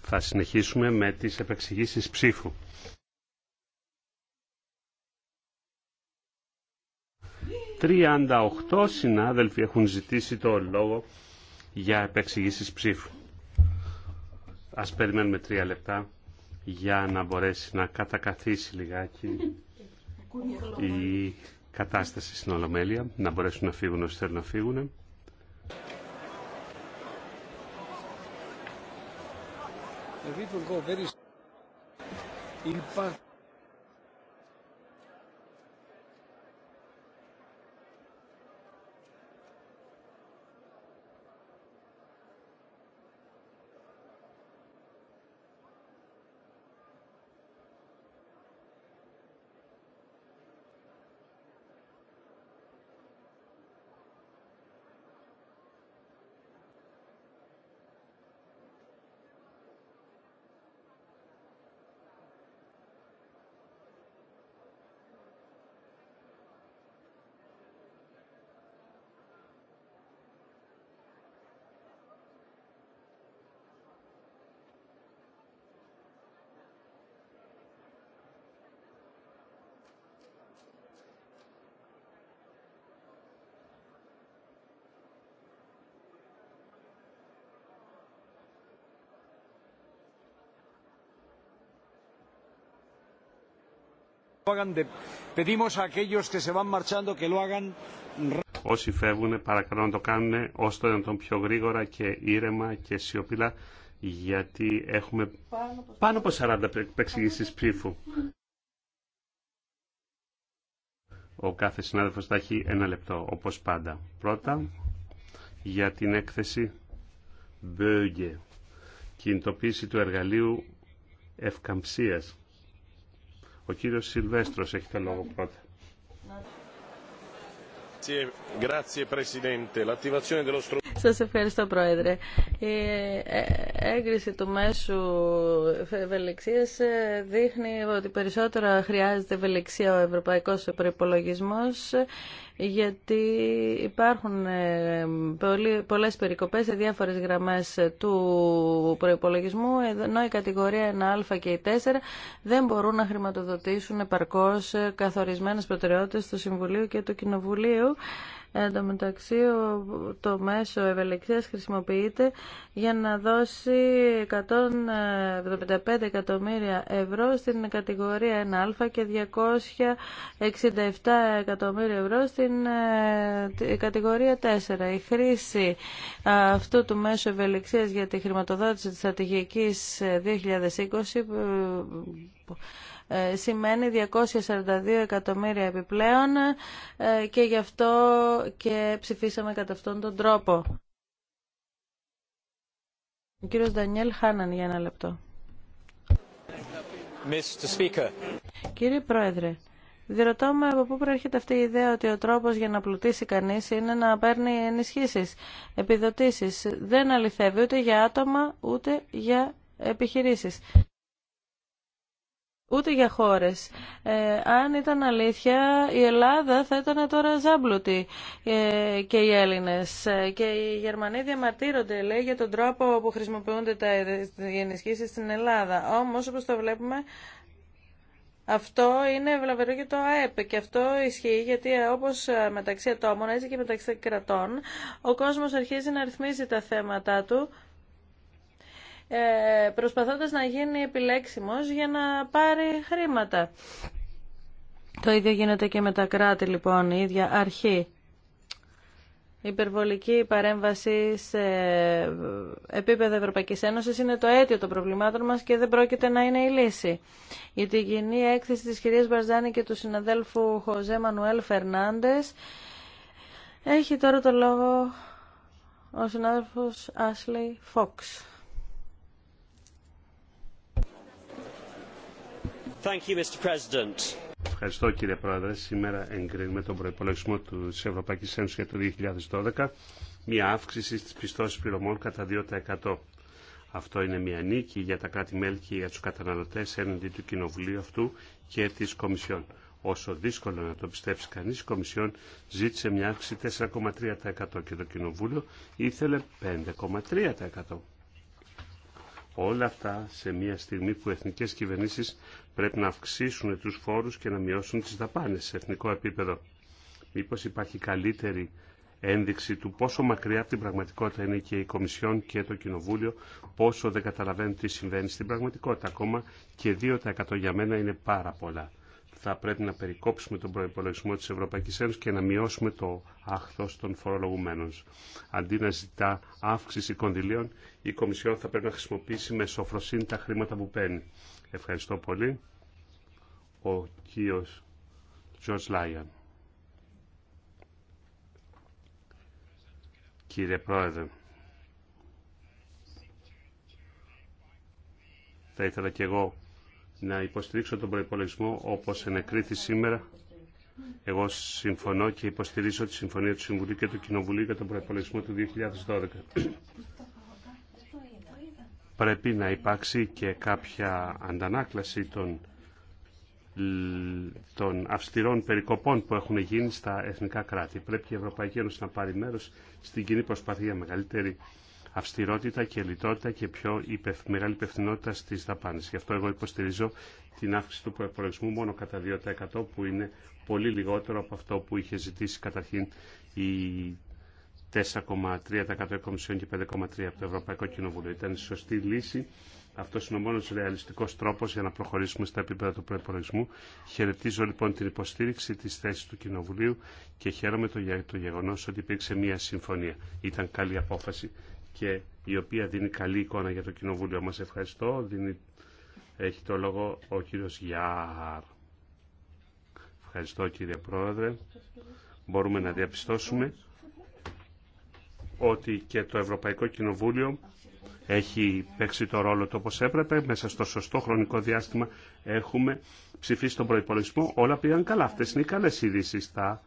Θα συνεχίσουμε με τις επεξηγήσεις ψήφου. 38 συνάδελφοι έχουν ζητήσει το λόγο για επεξηγήσεις ψήφου. Ας περιμένουμε τρία λεπτά για να μπορέσει να κατακαθίσει λιγάκι η κατάσταση στην Ολομέλεια, να μπορέσουν να φύγουν όσοι θέλουν να φύγουν. The will go very. Όσοι φεύγουν παρακαλώ να το κάνουν ώστε να τον πιο γρήγορα και ήρεμα και σιωπηλά γιατί έχουμε πάνω από 40 επεξηγήσεις ψήφου. Ο κάθε συνάδελφος θα έχει ένα λεπτό όπως πάντα. Πρώτα για την έκθεση Μπέγκε κινητοποίηση του εργαλείου ευκαμψίας ο κύριος Σιλβέστρος έχει το λόγο πρώτα. Grazie Presidente. L'attivazione dello strumento Σα ευχαριστώ Πρόεδρε. Η ε, έγκριση του μέσου ευελιξία ε, δείχνει ότι περισσότερο χρειάζεται ευελιξία ο ευρωπαϊκός Προπολογισμό, γιατί υπάρχουν ε, πολλές περικοπές σε διάφορες γραμμές του προπολογισμού, ενώ η κατηγορία 1α και η 4 δεν μπορούν να χρηματοδοτήσουν επαρκώς καθορισμένες προτεραιότητες του Συμβουλίου και του Κοινοβουλίου Εν τω μεταξύ, το μέσο ευελιξίας χρησιμοποιείται για να δώσει 175 εκατομμύρια ευρώ στην κατηγορία 1α και 267 εκατομμύρια ευρώ στην ε, κατηγορία 4. Η χρήση ε, αυτού του μέσου ευελιξίας για τη χρηματοδότηση της στρατηγικής 2020 ε, σημαίνει 242 εκατομμύρια επιπλέον και γι' αυτό και ψηφίσαμε κατά αυτόν τον τρόπο. Ο κύριος Δανιέλ Χάναν για ένα λεπτό. Κύριε Πρόεδρε, διερωτώ με από πού προέρχεται αυτή η ιδέα ότι ο τρόπος για να πλουτίσει κανείς είναι να παίρνει ενισχύσεις, επιδοτήσεις. Δεν αληθεύει ούτε για άτομα ούτε για επιχειρήσεις ούτε για χώρε. Ε, αν ήταν αλήθεια, η Ελλάδα θα ήταν τώρα ζάμπλουτη ε, και οι Έλληνες. Ε, και οι Γερμανοί διαμαρτύρονται, λέει, για τον τρόπο που χρησιμοποιούνται τα ενισχύσει στην Ελλάδα. Όμω, όπως το βλέπουμε, αυτό είναι βλαβερό για το ΑΕΠ και αυτό ισχύει γιατί όπως μεταξύ ατόμων έτσι και μεταξύ κρατών ο κόσμος αρχίζει να ρυθμίζει τα θέματα του ε, προσπαθώντας να γίνει επιλέξιμος για να πάρει χρήματα. Το ίδιο γίνεται και με τα κράτη λοιπόν, η ίδια αρχή. Υπερβολική παρέμβαση σε επίπεδο Ευρωπαϊκής Ένωσης είναι το αίτιο των προβλημάτων μας και δεν πρόκειται να είναι η λύση. Η την κοινή έκθεση της κυρίας Μπαρζάνη και του συναδέλφου Χωζέ Μανουέλ Φερνάντες έχει τώρα το λόγο ο συνάδελφος Άσλι Φόξ. Mr. President. Ευχαριστώ κύριε Πρόεδρε. Σήμερα εγκρίνουμε τον προπολογισμό τη Ευρωπαϊκή Ένωση για το 2012, μια αύξηση στι πιστώσει πληρωμών κατά 2%. Αυτό είναι μια νίκη για τα κράτη-μέλη και για του καταναλωτέ έναντι του Κοινοβουλίου αυτού και τη Κομισιόν. Όσο δύσκολο να το πιστέψει κανεί, η Κομισιόν ζήτησε μια αύξηση 4,3% και το Κοινοβούλιο ήθελε 5,3%. Όλα αυτά σε μια στιγμή που οι εθνικές κυβερνήσεις πρέπει να αυξήσουν τους φόρους και να μειώσουν τις δαπάνες σε εθνικό επίπεδο. Μήπως υπάρχει καλύτερη ένδειξη του πόσο μακριά από την πραγματικότητα είναι και η Κομισιόν και το Κοινοβούλιο, πόσο δεν καταλαβαίνουν τι συμβαίνει στην πραγματικότητα. Ακόμα και 2% για μένα είναι πάρα πολλά θα πρέπει να περικόψουμε τον προϋπολογισμό της Ευρωπαϊκής Ένωσης και να μειώσουμε το άχθος των φορολογουμένων. Αντί να ζητά αύξηση κονδυλίων, η Κομισιόν θα πρέπει να χρησιμοποιήσει με σοφροσύνη τα χρήματα που παίρνει. Ευχαριστώ πολύ. Ο κύριος Τζορτζ Λάιον. Κύριε Πρόεδρε, θα ήθελα κι εγώ να υποστηρίξω τον προπολογισμό όπως ενεκρίθη σήμερα. Εγώ συμφωνώ και υποστηρίζω τη Συμφωνία του Συμβουλίου και του Κοινοβουλίου για τον προπολογισμό του 2012. Πρέπει να υπάρξει και κάποια αντανάκλαση των, αυστηρών περικοπών που έχουν γίνει στα εθνικά κράτη. Πρέπει η Ευρωπαϊκή Ένωση να πάρει μέρος στην κοινή προσπάθεια μεγαλύτερη αυστηρότητα και λιτότητα και πιο μεγάλη υπευθυνότητα στι δαπάνε. Γι' αυτό εγώ υποστηρίζω την αύξηση του προεπολογισμού μόνο κατά 2% που είναι πολύ λιγότερο από αυτό που είχε ζητήσει καταρχήν η 4,3% και 5,3% από το Ευρωπαϊκό Κοινοβούλιο. Ήταν σωστή λύση. Αυτό είναι ο μόνο ρεαλιστικό τρόπο για να προχωρήσουμε στα επίπεδα του προπολογισμού. Χαιρετίζω λοιπόν την υποστήριξη τη θέση του Κοινοβουλίου και χαίρομαι το, το γεγονό ότι υπήρξε μια συμφωνία. Ήταν καλή απόφαση και η οποία δίνει καλή εικόνα για το Κοινοβούλιο μας. Ευχαριστώ. Δίνει... Έχει το λόγο ο κύριος Γιάρ. Ευχαριστώ κύριε Πρόεδρε. Μπορούμε να διαπιστώσουμε ότι και το Ευρωπαϊκό Κοινοβούλιο έχει παίξει το ρόλο του όπως έπρεπε. Μέσα στο σωστό χρονικό διάστημα έχουμε ψηφίσει τον προϋπολογισμό. Όλα πήγαν καλά. Αυτές είναι οι καλές ειδήσει. Τα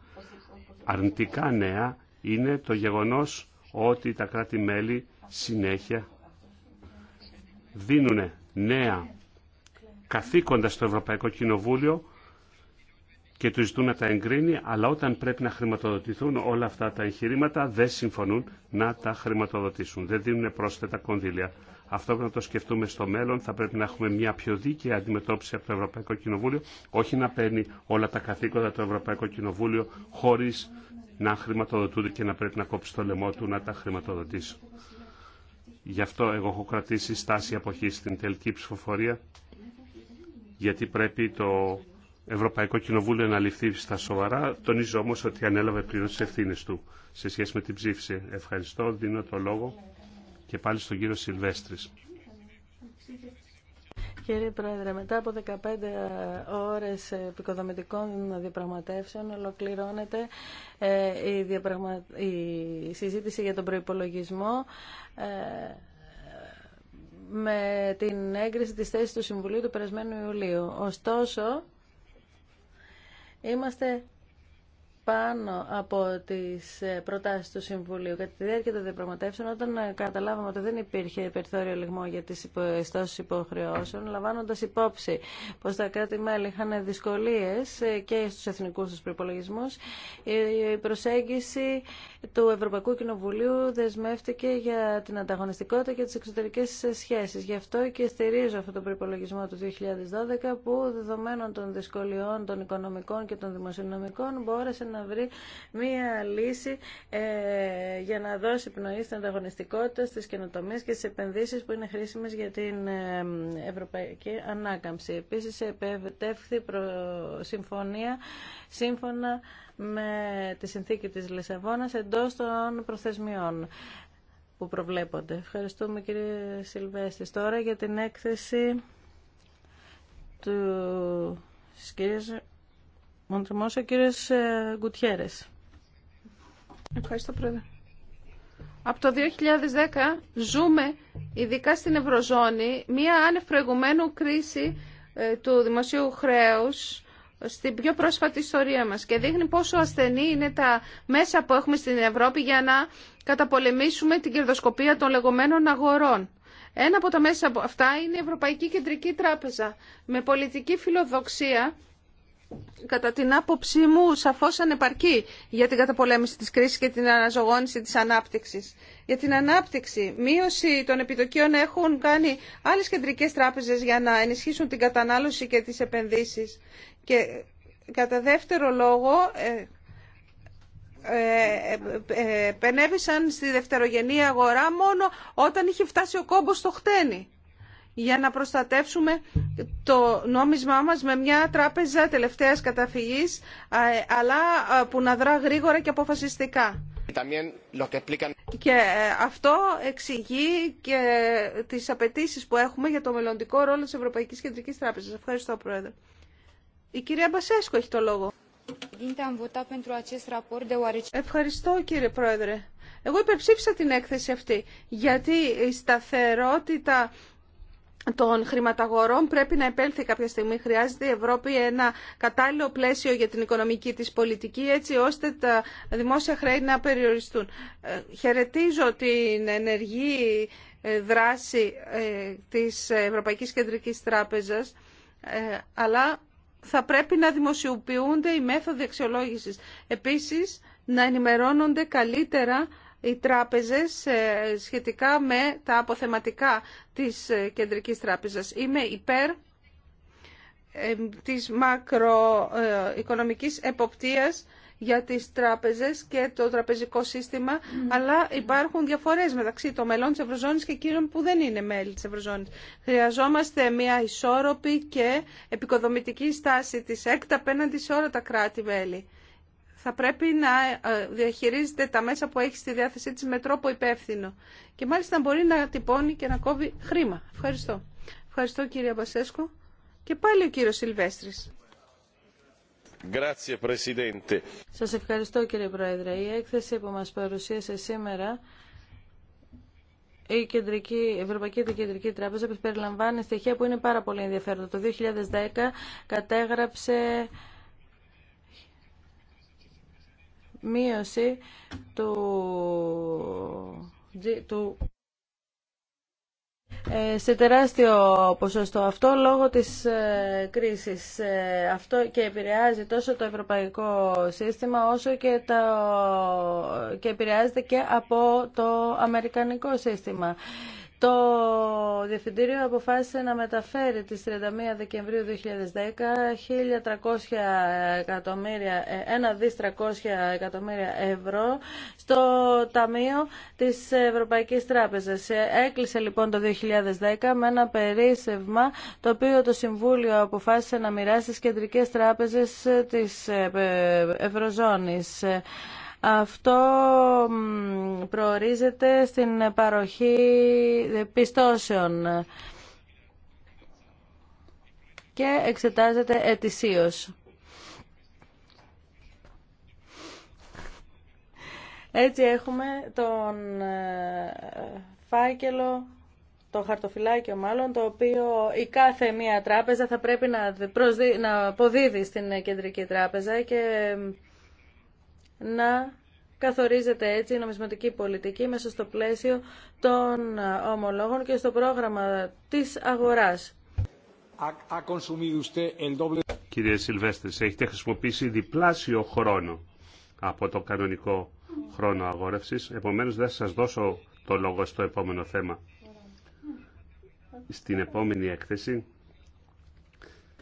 αρνητικά νέα είναι το γεγονός ότι τα κράτη-μέλη συνέχεια δίνουν νέα καθήκοντα στο Ευρωπαϊκό Κοινοβούλιο και του ζητούν να τα εγκρίνει, αλλά όταν πρέπει να χρηματοδοτηθούν όλα αυτά τα εγχειρήματα δεν συμφωνούν να τα χρηματοδοτήσουν. Δεν δίνουν πρόσθετα κονδύλια. Αυτό πρέπει να το σκεφτούμε στο μέλλον. Θα πρέπει να έχουμε μια πιο δίκαιη αντιμετώπιση από το Ευρωπαϊκό Κοινοβούλιο, όχι να παίρνει όλα τα καθήκοντα το Ευρωπαϊκό Κοινοβούλιο χωρί να χρηματοδοτούνται και να πρέπει να κόψει το λαιμό του να τα χρηματοδοτήσει. Γι' αυτό εγώ έχω κρατήσει στάση αποχή στην τελική ψηφοφορία, γιατί πρέπει το Ευρωπαϊκό Κοινοβούλιο να ληφθεί στα σοβαρά. Τονίζω όμω ότι ανέλαβε πλήρω τι ευθύνε του σε σχέση με την ψήφιση. Ευχαριστώ. Δίνω το λόγο και πάλι στον κύριο Σιλβέστρη. Κύριε Πρόεδρε, μετά από 15 ώρες επικοδομητικών διαπραγματεύσεων ολοκληρώνεται ε, η, διαπραγμα... η συζήτηση για τον προϋπολογισμό ε, με την έγκριση της θέσης του Συμβουλίου του περασμένου Ιουλίου. Ωστόσο, Είμαστε πάνω από τι ε, προτάσει του Συμβουλίου. Κατά τη διάρκεια των διαπραγματεύσεων, όταν ε, καταλάβαμε ότι δεν υπήρχε περιθώριο λιγμό για τι ιστώσεις ε, υποχρεώσεων, λαμβάνοντα υπόψη πω τα κράτη-μέλη είχαν δυσκολίε και στου εθνικού του προπολογισμού. η προσέγγιση του Ευρωπαϊκού Κοινοβουλίου δεσμεύτηκε για την ανταγωνιστικότητα και τι εξωτερικέ σχέσει. Γι' αυτό και στηρίζω αυτό το προπολογισμό του 2012 που δεδομένων των δυσκολιών των οικονομικών και των δημοσιονομικών μπόρεσε να να βρει μία λύση ε, για να δώσει πνοή στην ανταγωνιστικότητα, στις καινοτομίες και στις επενδύσεις που είναι χρήσιμες για την ε, ευρωπαϊκή ανάκαμψη. Επίσης, προ... συμφωνία σύμφωνα με τη συνθήκη της Λισαβόνας εντός των προθεσμιών που προβλέπονται. Ευχαριστούμε κύριε Σιλβέστη. Τώρα για την έκθεση του κυρίας Μοντρεμός, ο ε, Γκουτιέρες. Ευχαριστώ, Πρόεδρε. Από το 2010 ζούμε, ειδικά στην Ευρωζώνη, μία άνευ προηγουμένου κρίση ε, του δημοσίου χρέους στην πιο πρόσφατη ιστορία μας και δείχνει πόσο ασθενή είναι τα μέσα που έχουμε στην Ευρώπη για να καταπολεμήσουμε την κερδοσκοπία των λεγόμενων αγορών. Ένα από τα μέσα αυτά είναι η Ευρωπαϊκή Κεντρική Τράπεζα με πολιτική φιλοδοξία κατά την άποψή μου σαφώς ανεπαρκεί για την καταπολέμηση της κρίσης και την αναζωγόνηση της ανάπτυξης. Για την ανάπτυξη, μείωση των επιτοκίων έχουν κάνει άλλες κεντρικές τράπεζες για να ενισχύσουν την κατανάλωση και τις επενδύσεις. Και κατά δεύτερο λόγο, ε, ε, ε, πενέβησαν στη δευτερογενή αγορά μόνο όταν είχε φτάσει ο κόμπος στο χτένι για να προστατεύσουμε το νόμισμά μας με μια τράπεζα τελευταίας καταφυγής, ε, αλλά που να δρά γρήγορα και αποφασιστικά. Και ε, αυτό εξηγεί και ε, τις απαιτήσεις που έχουμε για το μελλοντικό ρόλο της Ευρωπαϊκής Κεντρικής Τράπεζας. Ευχαριστώ, Πρόεδρε. Η κυρία Μπασέσκο έχει το λόγο. Ευχαριστώ, κύριε Πρόεδρε. Εγώ υπερψήφισα την έκθεση αυτή, γιατί η σταθερότητα των χρηματαγορών πρέπει να επέλθει κάποια στιγμή. Χρειάζεται η Ευρώπη ένα κατάλληλο πλαίσιο για την οικονομική της πολιτική έτσι ώστε τα δημόσια χρέη να περιοριστούν. Ε, χαιρετίζω την ενεργή ε, δράση ε, της Ευρωπαϊκής Κεντρικής Τράπεζας αλλά θα πρέπει να δημοσιοποιούνται οι μέθοδοι αξιολόγησης. Επίσης, να ενημερώνονται καλύτερα οι τράπεζες ε, σχετικά με τα αποθεματικά της ε, Κεντρικής Τράπεζας. Είμαι υπέρ ε, της μακροοικονομικής εποπτείας για τις τράπεζες και το τραπεζικό σύστημα, αλλά υπάρχουν διαφορές μεταξύ των μελών της Ευρωζώνης και εκείνων που δεν είναι μέλη της Ευρωζώνης. Χρειαζόμαστε μια ισόρροπη και επικοδομητική στάση της ΕΚΤ απέναντι σε όλα τα κράτη-μέλη θα πρέπει να ε, διαχειρίζεται τα μέσα που έχει στη διάθεσή της με τρόπο υπεύθυνο. Και μάλιστα μπορεί να τυπώνει και να κόβει χρήμα. Ευχαριστώ. Ευχαριστώ κύριε Μπασέσκο. Και πάλι ο κύριος Σιλβέστρης. Σας ευχαριστώ κύριε Πρόεδρε. Η έκθεση που μας παρουσίασε σήμερα η κεντρική, Ευρωπαϊκή Κεντρική Τράπεζα περιλαμβάνει στοιχεία που είναι πάρα πολύ ενδιαφέροντα. Το 2010 κατέγραψε μείωση το, ε, σε τεράστιο ποσοστό αυτό λόγω της ε, κρίσης. Ε, αυτό και επηρεάζει τόσο το ευρωπαϊκό σύστημα όσο και, το... και επηρεάζεται και από το αμερικανικό σύστημα. Το Διευθυντήριο αποφάσισε να μεταφέρει τις 31 Δεκεμβρίου 2010 1.300 εκατομμύρια, 1 ε, εκατομμύρια ευρώ στο Ταμείο της Ευρωπαϊκής Τράπεζας. Ε, έκλεισε λοιπόν το 2010 με ένα περίσευμα το οποίο το Συμβούλιο αποφάσισε να μοιράσει στις κεντρικές τράπεζες της ε, Ευρωζώνης. Αυτό προορίζεται στην παροχή πιστώσεων και εξετάζεται ετησίως. Έτσι έχουμε τον ε, φάκελο, το χαρτοφυλάκιο μάλλον, το οποίο η κάθε μία τράπεζα θα πρέπει να, προσδί, να αποδίδει στην κεντρική τράπεζα και να καθορίζεται έτσι η νομισματική πολιτική μέσα στο πλαίσιο των ομολόγων και στο πρόγραμμα της αγοράς. Κύριε Σιλβέστρης, έχετε χρησιμοποιήσει διπλάσιο χρόνο από το κανονικό χρόνο αγόρευσης. Επομένως, δεν θα σας δώσω το λόγο στο επόμενο θέμα. Στην επόμενη έκθεση,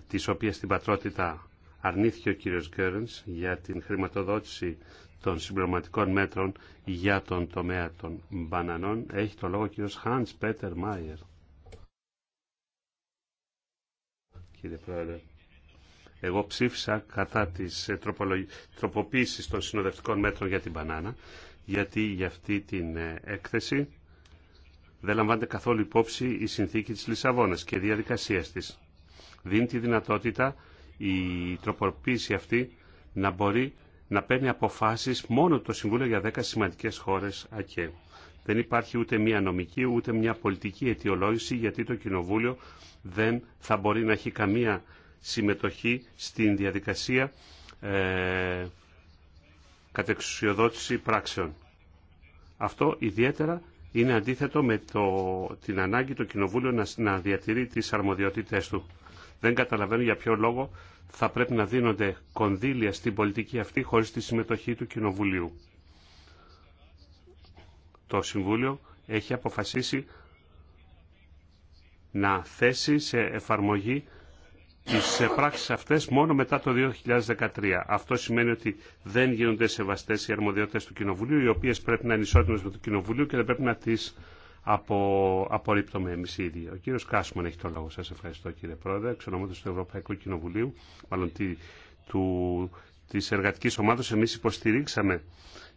της οποίας την πατρότητα αρνήθηκε ο κύριος Γκέρνς για την χρηματοδότηση των συμπληρωματικών μέτρων για τον τομέα των μπανανών. Έχει το λόγο ο κύριος Χάντς Πέτερ Μάιερ. Κύριε Πρόεδρε, εγώ ψήφισα κατά της ε, τροποποίησης των συνοδευτικών μέτρων για την μπανάνα, γιατί για αυτή την ε, έκθεση δεν λαμβάνεται καθόλου υπόψη η συνθήκη της Λισαβόνας και η διαδικασία της. Δίνει τη δυνατότητα η τροποποίηση αυτή να μπορεί να παίρνει αποφάσεις μόνο το Συμβούλιο για 10 σημαντικές χώρες ΑΚΕ. Δεν υπάρχει ούτε μια νομική ούτε μια πολιτική αιτιολόγηση γιατί το Κοινοβούλιο δεν θα μπορεί να έχει καμία συμμετοχή στην διαδικασία ε, κατεξουσιοδότηση πράξεων. Αυτό ιδιαίτερα είναι αντίθετο με το, την ανάγκη το Κοινοβούλιο να, να διατηρεί τις αρμοδιότητές του. Δεν καταλαβαίνω για ποιο λόγο θα πρέπει να δίνονται κονδύλια στην πολιτική αυτή χωρίς τη συμμετοχή του Κοινοβουλίου. Το Συμβούλιο έχει αποφασίσει να θέσει σε εφαρμογή τις πράξεις αυτές μόνο μετά το 2013. Αυτό σημαίνει ότι δεν γίνονται σεβαστές οι αρμοδιότητες του Κοινοβουλίου, οι οποίες πρέπει να είναι ισότιμες με το Κοινοβουλίο και δεν πρέπει να τις απο, απορρίπτουμε εμεί οι Ο κύριο Κάσμαν έχει τον λόγο. Σα ευχαριστώ κύριε Πρόεδρε. Εξ του Ευρωπαϊκού Κοινοβουλίου, μάλλον τη, του, της εργατικής ομάδας εμείς υποστηρίξαμε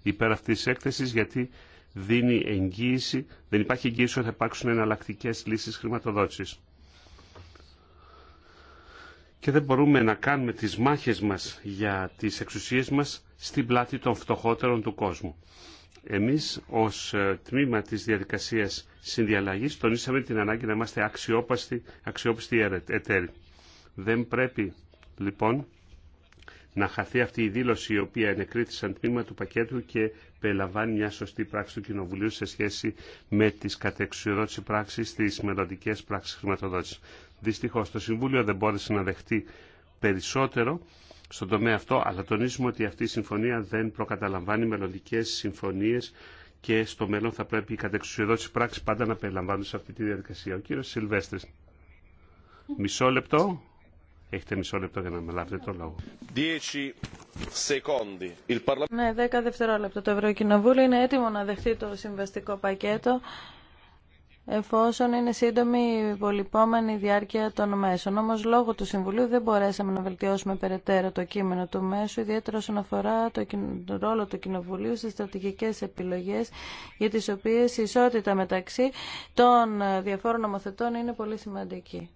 υπέρ αυτής της έκθεσης γιατί δίνει εγγύηση, δεν υπάρχει εγγύηση ότι θα υπάρξουν εναλλακτικέ λύσεις χρηματοδότησης. Και δεν μπορούμε να κάνουμε τις μάχες μας για τις εξουσίες μας στην πλάτη των φτωχότερων του κόσμου. Εμείς ως ε, τμήμα της διαδικασίας συνδιαλλαγής τονίσαμε την ανάγκη να είμαστε αξιόπιστοι, αξιόπιστοι εταίροι. Δεν πρέπει λοιπόν να χαθεί αυτή η δήλωση η οποία ενεκρίθη σαν τμήμα του πακέτου και περιλαμβάνει μια σωστή πράξη του Κοινοβουλίου σε σχέση με τις κατεξουσιοδότηση πράξεις, τις μελλοντικέ πράξεις χρηματοδότησης. Δυστυχώς το Συμβούλιο δεν μπόρεσε να δεχτεί περισσότερο στον τομέα αυτό, αλλά τονίζουμε ότι αυτή η συμφωνία δεν προκαταλαμβάνει μελλοντικέ συμφωνίε και στο μέλλον θα πρέπει οι κατεξουσιοδότηση πράξη πάντα να περιλαμβάνουν σε αυτή τη διαδικασία. Ο κύριο Σιλβέστρη. Μισό λεπτό. Έχετε μισό λεπτό για να με λάβετε το λόγο. Ναι, 10 δευτερόλεπτα το Ευρωκοινοβούλιο είναι έτοιμο να δεχτεί το συμβαστικό πακέτο εφόσον είναι σύντομη η υπολοιπόμενη διάρκεια των μέσων. Όμω, λόγω του Συμβουλίου δεν μπορέσαμε να βελτιώσουμε περαιτέρω το κείμενο του μέσου, ιδιαίτερα όσον αφορά το ρόλο του Κοινοβουλίου στι στρατηγικέ επιλογέ, για τι οποίε η ισότητα μεταξύ των ε, διαφόρων νομοθετών είναι πολύ σημαντική.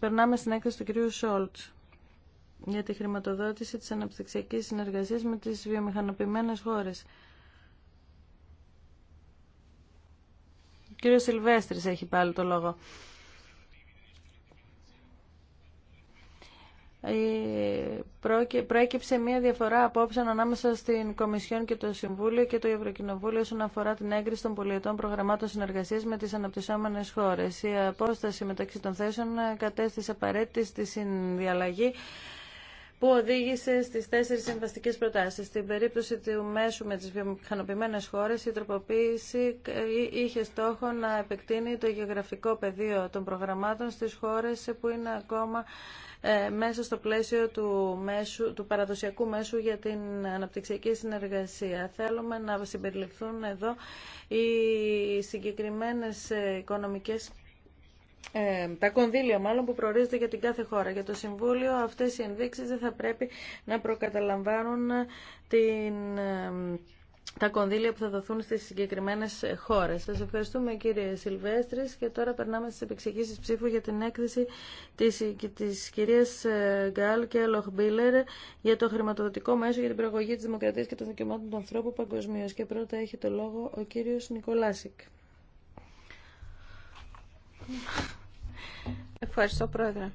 Περνάμε στην έκθεση του κ. Σόλτ για τη χρηματοδότηση της αναπτυξιακής συνεργασίας με τις βιομηχανοποιημένες χώρες. Κύριο Σιλβέστρης έχει πάλι το λόγο. Προέκυψε μία διαφορά απόψε ανάμεσα στην Κομισιόν και το Συμβούλιο και το Ευρωκοινοβούλιο όσον αφορά την έγκριση των πολιετών προγραμμάτων συνεργασίας με τις αναπτυσσόμενες χώρες. Η απόσταση μεταξύ των θέσεων κατέστησε απαραίτητη στη συνδιαλλαγή που οδήγησε στι τέσσερις συμβαστικέ προτάσεις. Στην περίπτωση του μέσου με τις βιομηχανοποιημένε χώρες, η τροποποίηση είχε στόχο να επεκτείνει το γεωγραφικό πεδίο των προγραμμάτων στις χώρες που είναι ακόμα ε, μέσα στο πλαίσιο του, μέσου, του παραδοσιακού μέσου για την αναπτυξιακή συνεργασία. Θέλουμε να συμπεριληφθούν εδώ οι συγκεκριμένες ε, οικονομικές ε, τα κονδύλια μάλλον που προορίζονται για την κάθε χώρα. Για το Συμβούλιο αυτές οι ενδείξεις δεν θα πρέπει να προκαταλαμβάνουν ε, την, ε, τα κονδύλια που θα δοθούν στις συγκεκριμένες χώρες. Σας ευχαριστούμε κύριε Σιλβέστρης και τώρα περνάμε στις επεξηγήσεις ψήφου για την έκθεση της, της κυρίας Γκάλ και Λοχμπίλερ για το χρηματοδοτικό μέσο για την προαγωγή της δημοκρατίας και των δικαιωμάτων των ανθρώπων παγκοσμίω. Και πρώτα έχει το λόγο ο κύριος Νικολάσικ. Ευχαριστώ, Πρόεδρε.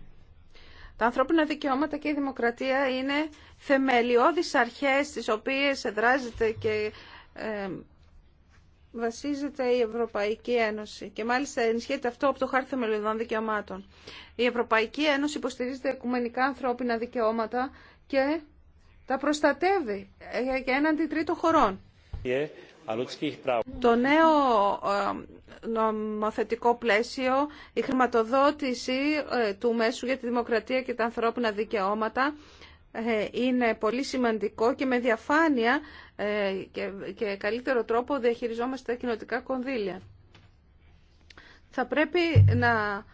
Τα ανθρώπινα δικαιώματα και η δημοκρατία είναι θεμελιώδεις αρχές τις οποίες εδράζεται και ε, βασίζεται η Ευρωπαϊκή Ένωση και μάλιστα ενισχύεται αυτό από το χάρτη θεμελιωδών δικαιωμάτων. Η Ευρωπαϊκή Ένωση υποστηρίζεται οικουμενικά ανθρώπινα δικαιώματα και τα προστατεύει για ε, ε, έναντι τρίτων χωρών. Yeah. Το νέο ε, νομοθετικό πλαίσιο, η χρηματοδότηση ε, του μέσου για τη δημοκρατία και τα ανθρώπινα δικαιώματα ε, είναι πολύ σημαντικό και με διαφάνεια και καλύτερο τρόπο διαχειριζόμαστε τα κοινοτικά κονδύλια. Θα πρέπει να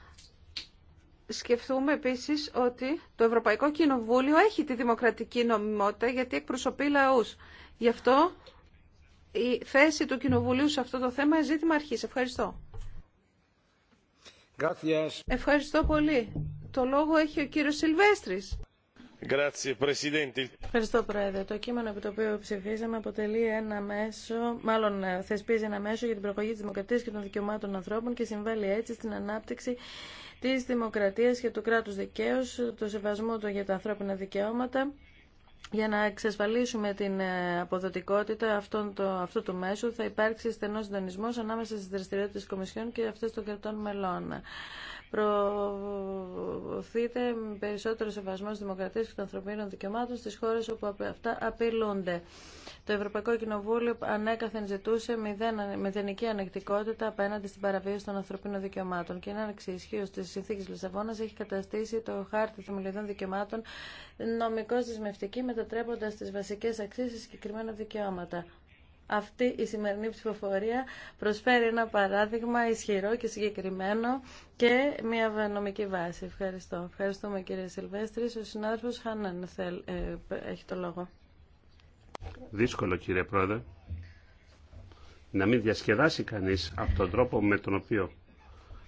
σκεφτούμε επίσης ότι το Ευρωπαϊκό Κοινοβούλιο έχει τη δημοκρατική νομιμότητα γιατί εκπροσωπεί λαούς. Γι' αυτό η θέση του Κοινοβουλίου σε αυτό το θέμα ζήτημα αρχής. Ευχαριστώ. Gracias. Ευχαριστώ πολύ. Το λόγο έχει ο κύριος Σιλβέστρης. Ευχαριστώ, Πρόεδρε. Το κείμενο που το οποίο ψηφίζαμε αποτελεί ένα μέσο, μάλλον ε, θεσπίζει ένα μέσο για την προπαγή τη δημοκρατία και των δικαιωμάτων ανθρώπων και συμβάλλει έτσι στην ανάπτυξη τη Δημοκρατία και του κράτου δικαίου, το σεβασμό του για τα ανθρώπινα δικαιώματα για να εξασφαλίσουμε την ε, αποδοτικότητα το, αυτού του μέσου θα υπάρξει στενός συντονισμός ανάμεσα στις δραστηριότητες της Κομισιόν και αυτές των κρατών μελών προωθείται περισσότερο σεβασμό στις δημοκρατίας και των ανθρωπίνων δικαιωμάτων στις χώρες όπου αυτά απειλούνται. Το Ευρωπαϊκό Κοινοβούλιο ανέκαθεν ζητούσε μηδενική ανεκτικότητα απέναντι στην παραβίαση των ανθρωπίνων δικαιωμάτων και είναι ανεξισχύω τη συνθήκη Λισαβόνα έχει καταστήσει το χάρτη θεμελιωδών δικαιωμάτων νομικώ δεσμευτική, μετατρέποντα τι βασικέ αξίε σε συγκεκριμένα δικαιώματα. Αυτή η σημερινή ψηφοφορία προσφέρει ένα παράδειγμα ισχυρό και συγκεκριμένο και μια νομική βάση. Ευχαριστώ. Ευχαριστούμε κύριε Σιλβέστρη. Ο συνάδελφος Χάναν ε, έχει το λόγο. Δύσκολο κύριε Πρόεδρε να μην διασκεδάσει κανείς από τον τρόπο με τον οποίο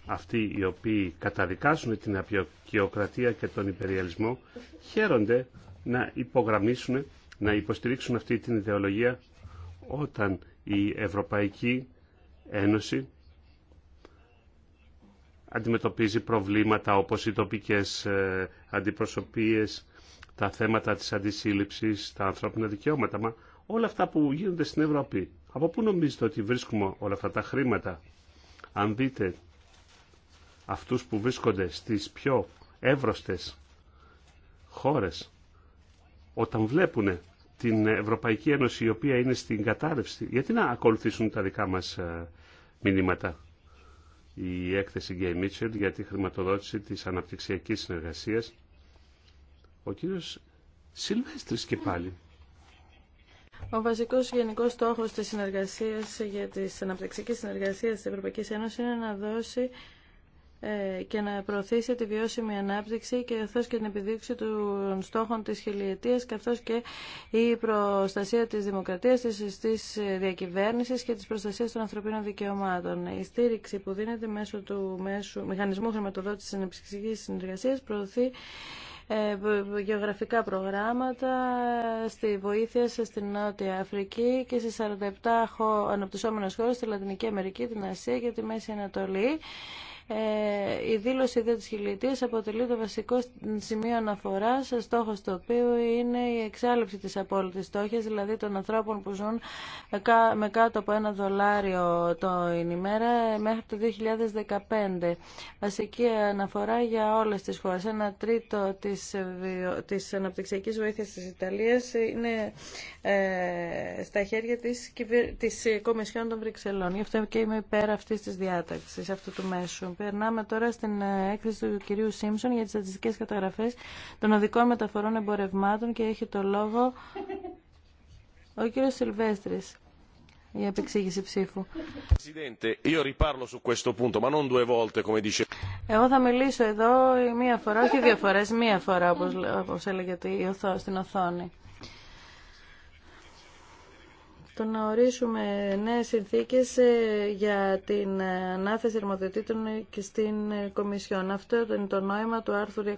αυτοί οι οποίοι καταδικάσουν την απεικιοκρατία και τον υπεριαλισμό χαίρονται να υπογραμμίσουν, να υποστηρίξουν αυτή την ιδεολογία όταν η Ευρωπαϊκή Ένωση αντιμετωπίζει προβλήματα όπως οι τοπικές ε, αντιπροσωπείες, τα θέματα της αντισύλληψης, τα ανθρώπινα δικαιώματα, όλα αυτά που γίνονται στην Ευρώπη. Από πού νομίζετε ότι βρίσκουμε όλα αυτά τα χρήματα, αν δείτε αυτούς που βρίσκονται στις πιο εύρωστες χώρες, όταν βλέπουν την Ευρωπαϊκή Ένωση η οποία είναι στην κατάρρευση, γιατί να ακολουθήσουν τα δικά μας ε, μηνύματα. Η έκθεση Γκέι Μίτσελ για τη χρηματοδότηση της αναπτυξιακής συνεργασίας. Ο κύριος Σιλβέστρης και πάλι. Ο βασικό γενικό στόχο τη συνεργασία για τι αναπτυξιακέ συνεργασίε τη Ευρωπαϊκή Ένωση είναι να δώσει ε, και να προωθήσει τη βιώσιμη ανάπτυξη και καθώς και την επιδίωξη των στόχων της χιλιετίας καθώς και η προστασία της δημοκρατίας, της, συστής διακυβέρνησης και της προστασίας των ανθρωπίνων δικαιωμάτων. Η στήριξη που δίνεται μέσω του μέσου, Μηχανισμού Χρηματοδότησης ενεψυχικής Συνεργασίας προωθεί ε, γεωγραφικά προγράμματα στη βοήθεια στην Νότια Αφρική και στις 47 αναπτυσσόμενες χώρες στη Λατινική Αμερική, την Ασία και τη Μέση Ανατολή. Ε, η δήλωση δύο της χιλιετίας αποτελεί το βασικό σημείο αναφοράς, στόχος το οποίο είναι η εξάλληψη της απόλυτης στόχης, δηλαδή των ανθρώπων που ζουν με κάτω από ένα δολάριο το ημέρα μέχρι το 2015. Βασική αναφορά για όλες τις χώρες. Ένα τρίτο της, της αναπτυξιακής βοήθειας της Ιταλίας είναι ε, στα χέρια της, της Κομισιόν των Βρυξελών. Γι' αυτό και είμαι υπέρ αυτής της διάταξης, αυτού του μέσου. Περνάμε τώρα στην ε, έκθεση του κυρίου Σίμψον για τι στατιστικές καταγραφέ των οδικών μεταφορών εμπορευμάτων και έχει το λόγο ο κύριο Σιλβέστρη. για επεξήγηση ψήφου. Εγώ θα μιλήσω εδώ μία φορά, όχι δύο φορές, μία φορά όπω έλεγε στην οθόνη το να ορίσουμε νέες συνθήκες ε, για την ανάθεση αρμοδιοτήτων και στην Κομισιόν. Αυτό είναι το νόημα του άρθρου 290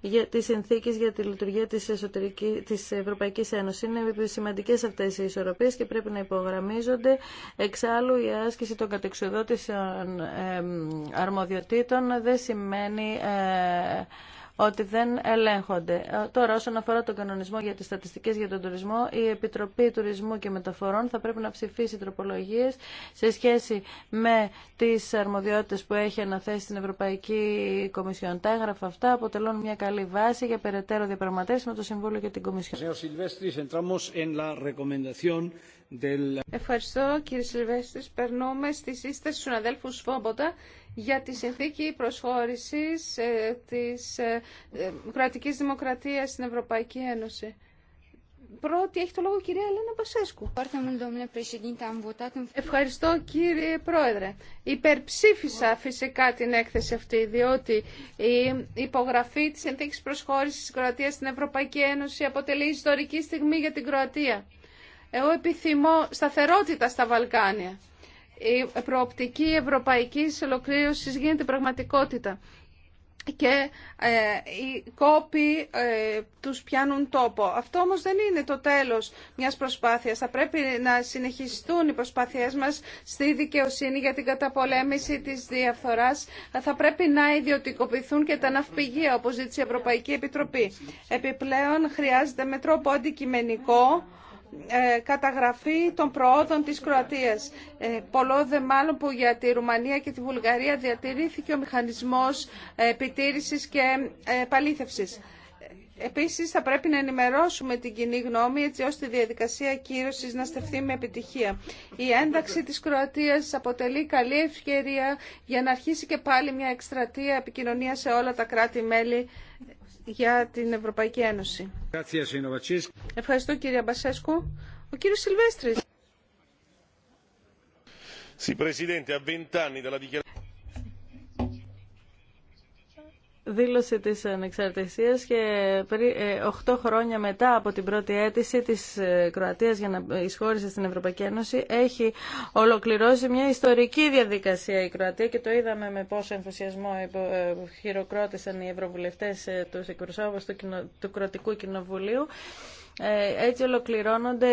για τις συνθήκες για τη λειτουργία της, εσωτερικής, της Ευρωπαϊκής Ένωσης. Είναι σημαντικές αυτές οι ισορροπίες και πρέπει να υπογραμμίζονται. Εξάλλου η άσκηση των κατεξοδότησεων ε, αρμοδιοτήτων δεν σημαίνει ε, ότι δεν ελέγχονται. Ε, τώρα, όσον αφορά τον κανονισμό για τις στατιστικές για τον τουρισμό, η Επιτροπή Τουρισμού και Μεταφορών θα πρέπει να ψηφίσει τροπολογίες σε σχέση με τις αρμοδιότητες που έχει αναθέσει στην Ευρωπαϊκή Κομισιόν. Τα έγγραφα αυτά αποτελούν μια καλή βάση για περαιτέρω διαπραγματεύσει με το Συμβούλιο και την Κομισιόν del... Ευχαριστώ κύριε Σιλβέστης. Περνούμε στη σύσταση του συναδέλφου Σφόμποτα για τη συνθήκη προσχώρησης ε, της ε, ε, κρατικής δημοκρατίας στην Ευρωπαϊκή Ένωση. Πρώτη έχει το λόγο η κυρία Ελένα Πασέσκου. Ευχαριστώ κύριε Πρόεδρε. Υπερψήφισα φυσικά την έκθεση αυτή, διότι η υπογραφή της συνθήκης προσχώρησης της Κροατίας στην Ευρωπαϊκή Ένωση αποτελεί ιστορική στιγμή για την Κροατία. Εγώ επιθυμώ σταθερότητα στα Βαλκάνια. Η προοπτική ευρωπαϊκής ολοκλήρωσης γίνεται πραγματικότητα και ε, οι κόποι ε, τους πιάνουν τόπο. Αυτό όμως δεν είναι το τέλος μιας προσπάθειας. Θα πρέπει να συνεχιστούν οι προσπάθειές μας στη δικαιοσύνη για την καταπολέμηση της διαφθοράς. Θα πρέπει να ιδιωτικοποιηθούν και τα ναυπηγεία, όπως ζήτησε η Ευρωπαϊκή Επιτροπή. Επιπλέον χρειάζεται με τρόπο αντικειμενικό ε, καταγραφή των προόδων της Κροατίας. Ε, πολλό δε μάλλον που για τη Ρουμανία και τη Βουλγαρία διατηρήθηκε ο μηχανισμός επιτήρησης και ε, παλήθευσης. Επίσης θα πρέπει να ενημερώσουμε την κοινή γνώμη έτσι ώστε η διαδικασία κύρωσης να στεφθεί με επιτυχία. Η ένταξη της Κροατίας αποτελεί καλή ευκαιρία για να αρχίσει και πάλι μια εκστρατεία επικοινωνία σε όλα τα κράτη-μέλη για την Ευρωπαϊκή Ένωση. Ευχαριστώ κύριε Μπασέσκου. Ο κύριος Σιλβέστρης. δήλωση της ανεξαρτησίας και 8 ε, χρόνια μετά από την πρώτη αίτηση της ε, Κροατίας για να εισχώρησε στην Ευρωπαϊκή Ένωση έχει ολοκληρώσει μια ιστορική διαδικασία η Κροατία και το είδαμε με πόσο ενθουσιασμό ε, χειροκρότησαν οι ευρωβουλευτές του εκπροσώπους του Κροατικού Κοινοβουλίου ε, έτσι ολοκληρώνονται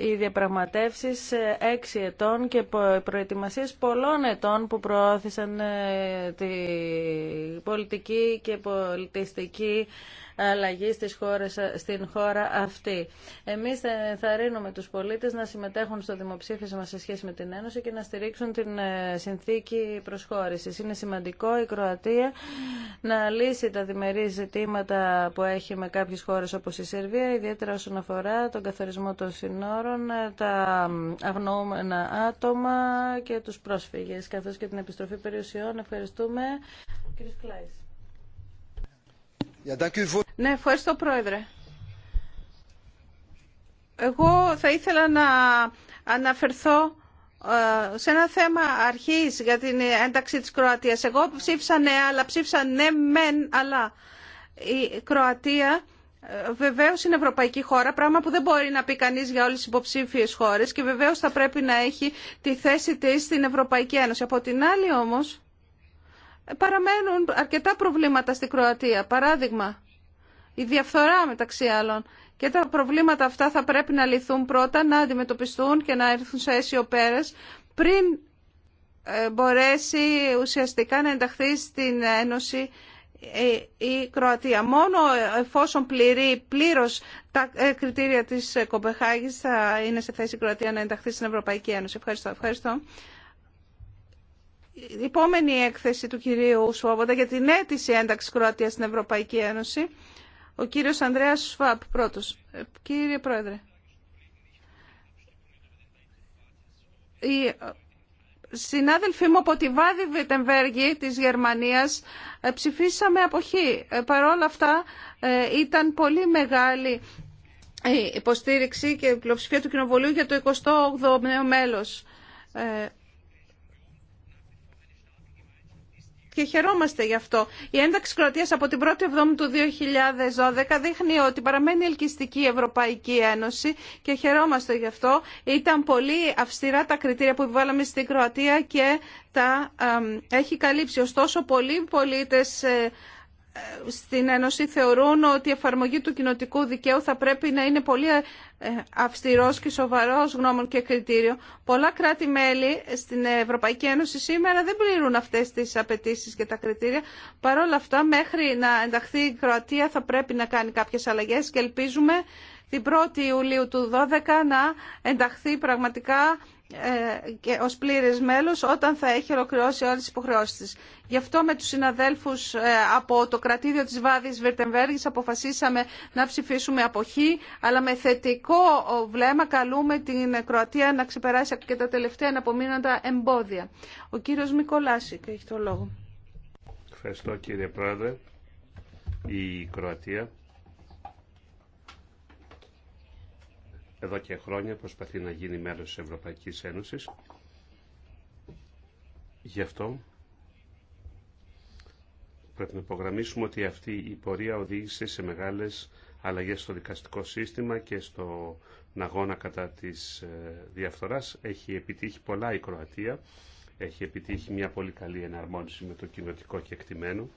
οι διαπραγματεύσεις ε, έξι ετών και προετοιμασίες πολλών ετών που προώθησαν ε, τη πολιτική και πολιτιστική αλλαγή στις χώρες, στην χώρα αυτή. Εμείς θα ενθαρρύνουμε τους πολίτες να συμμετέχουν στο δημοψήφισμα σε σχέση με την Ένωση και να στηρίξουν την ε, συνθήκη προσχώρησης. Είναι σημαντικό η Κροατία να λύσει τα διμερεί ζητήματα που έχει με κάποιες χώρες όπως η Σερβία, ιδιαίτερα όσον αφορά τον καθορισμό των συνόρων, ε, τα αγνοούμενα άτομα και τους πρόσφυγες, καθώς και την επιστροφή περιουσιών. Ευχαριστούμε. Κύριε ναι, ευχαριστώ Πρόεδρε. Εγώ θα ήθελα να αναφερθώ ε, σε ένα θέμα αρχής για την ένταξη της Κροατίας. Εγώ ψήφισα ναι, αλλά ψήφισα ναι μεν, αλλά η Κροατία ε, βεβαίω είναι ευρωπαϊκή χώρα, πράγμα που δεν μπορεί να πει κανεί για όλε τι υποψήφιε χώρε και βεβαίω θα πρέπει να έχει τη θέση τη στην Ευρωπαϊκή Ένωση. Από την άλλη όμω, παραμένουν αρκετά προβλήματα στην Κροατία. Παράδειγμα, η διαφθορά μεταξύ άλλων. Και τα προβλήματα αυτά θα πρέπει να λυθούν πρώτα, να αντιμετωπιστούν και να έρθουν σε αίσιο πέρας πριν ε, μπορέσει ουσιαστικά να ενταχθεί στην Ένωση ε, η Κροατία. Μόνο εφόσον πληρεί πλήρω τα ε, κριτήρια της Κοπεχάγης θα είναι σε θέση η Κροατία να ενταχθεί στην Ευρωπαϊκή Ένωση. Ευχαριστώ. Ευχαριστώ. Η επόμενη έκθεση του κυρίου Σουόβοντα για την αίτηση ένταξη Κροατίας στην Ευρωπαϊκή Ένωση. Ο κύριος Ανδρέας Σφάπ, πρώτος. Ε, κύριε Πρόεδρε. Οι ε, συνάδελφοί μου από τη Βάδη Βιτεμβέργη της Γερμανίας ε, ψηφίσαμε αποχή. Παρόλα αυτά ήταν πολύ μεγάλη η υποστήριξη και η πλειοψηφία του Κοινοβουλίου για το 28ο μέλος και χαιρόμαστε γι' αυτό. Η ένταξη Κροατίας από την 1η Εβδόμη του 2012 δείχνει ότι παραμένει ελκυστική η Ευρωπαϊκή Ένωση και χαιρόμαστε γι' αυτό. Ήταν πολύ αυστηρά τα κριτήρια που επιβάλαμε στην Κροατία και τα έχει καλύψει. Ωστόσο, πολλοί πολίτες ε, στην Ένωση θεωρούν ότι η εφαρμογή του κοινοτικού δικαίου θα πρέπει να είναι πολύ ε, αυστηρός και σοβαρός γνώμων και κριτήριο. Πολλά κράτη-μέλη στην Ευρωπαϊκή Ένωση σήμερα δεν πληρούν αυτές τις απαιτήσει και τα κριτήρια. Παρ' όλα αυτά, μέχρι να ενταχθεί η Κροατία θα πρέπει να κάνει κάποιες αλλαγές και ελπίζουμε την 1η Ιουλίου του 2012 να ενταχθεί πραγματικά ε, και ως πλήρες μέλος όταν θα έχει ολοκληρώσει όλες τις υποχρεώσεις της. Γι' αυτό με τους συναδέλφους ε, από το κρατήδιο της Βάδης Βερτεμβέργης αποφασίσαμε να ψηφίσουμε αποχή, αλλά με θετικό βλέμμα καλούμε την Κροατία να ξεπεράσει και τα τελευταία αναπομείνοντα εμπόδια. Ο κύριος Μικολάσικ έχει το λόγο. Ευχαριστώ κύριε Πρόεδρε. Η Κροατία εδώ και χρόνια προσπαθεί να γίνει μέλος της Ευρωπαϊκής Ένωσης. Γι' αυτό πρέπει να υπογραμμίσουμε ότι αυτή η πορεία οδήγησε σε μεγάλες αλλαγές στο δικαστικό σύστημα και στο αγώνα κατά της ε, διαφθοράς. Έχει επιτύχει πολλά η Κροατία, έχει επιτύχει μια πολύ καλή εναρμόνιση με το κοινοτικό κεκτημένο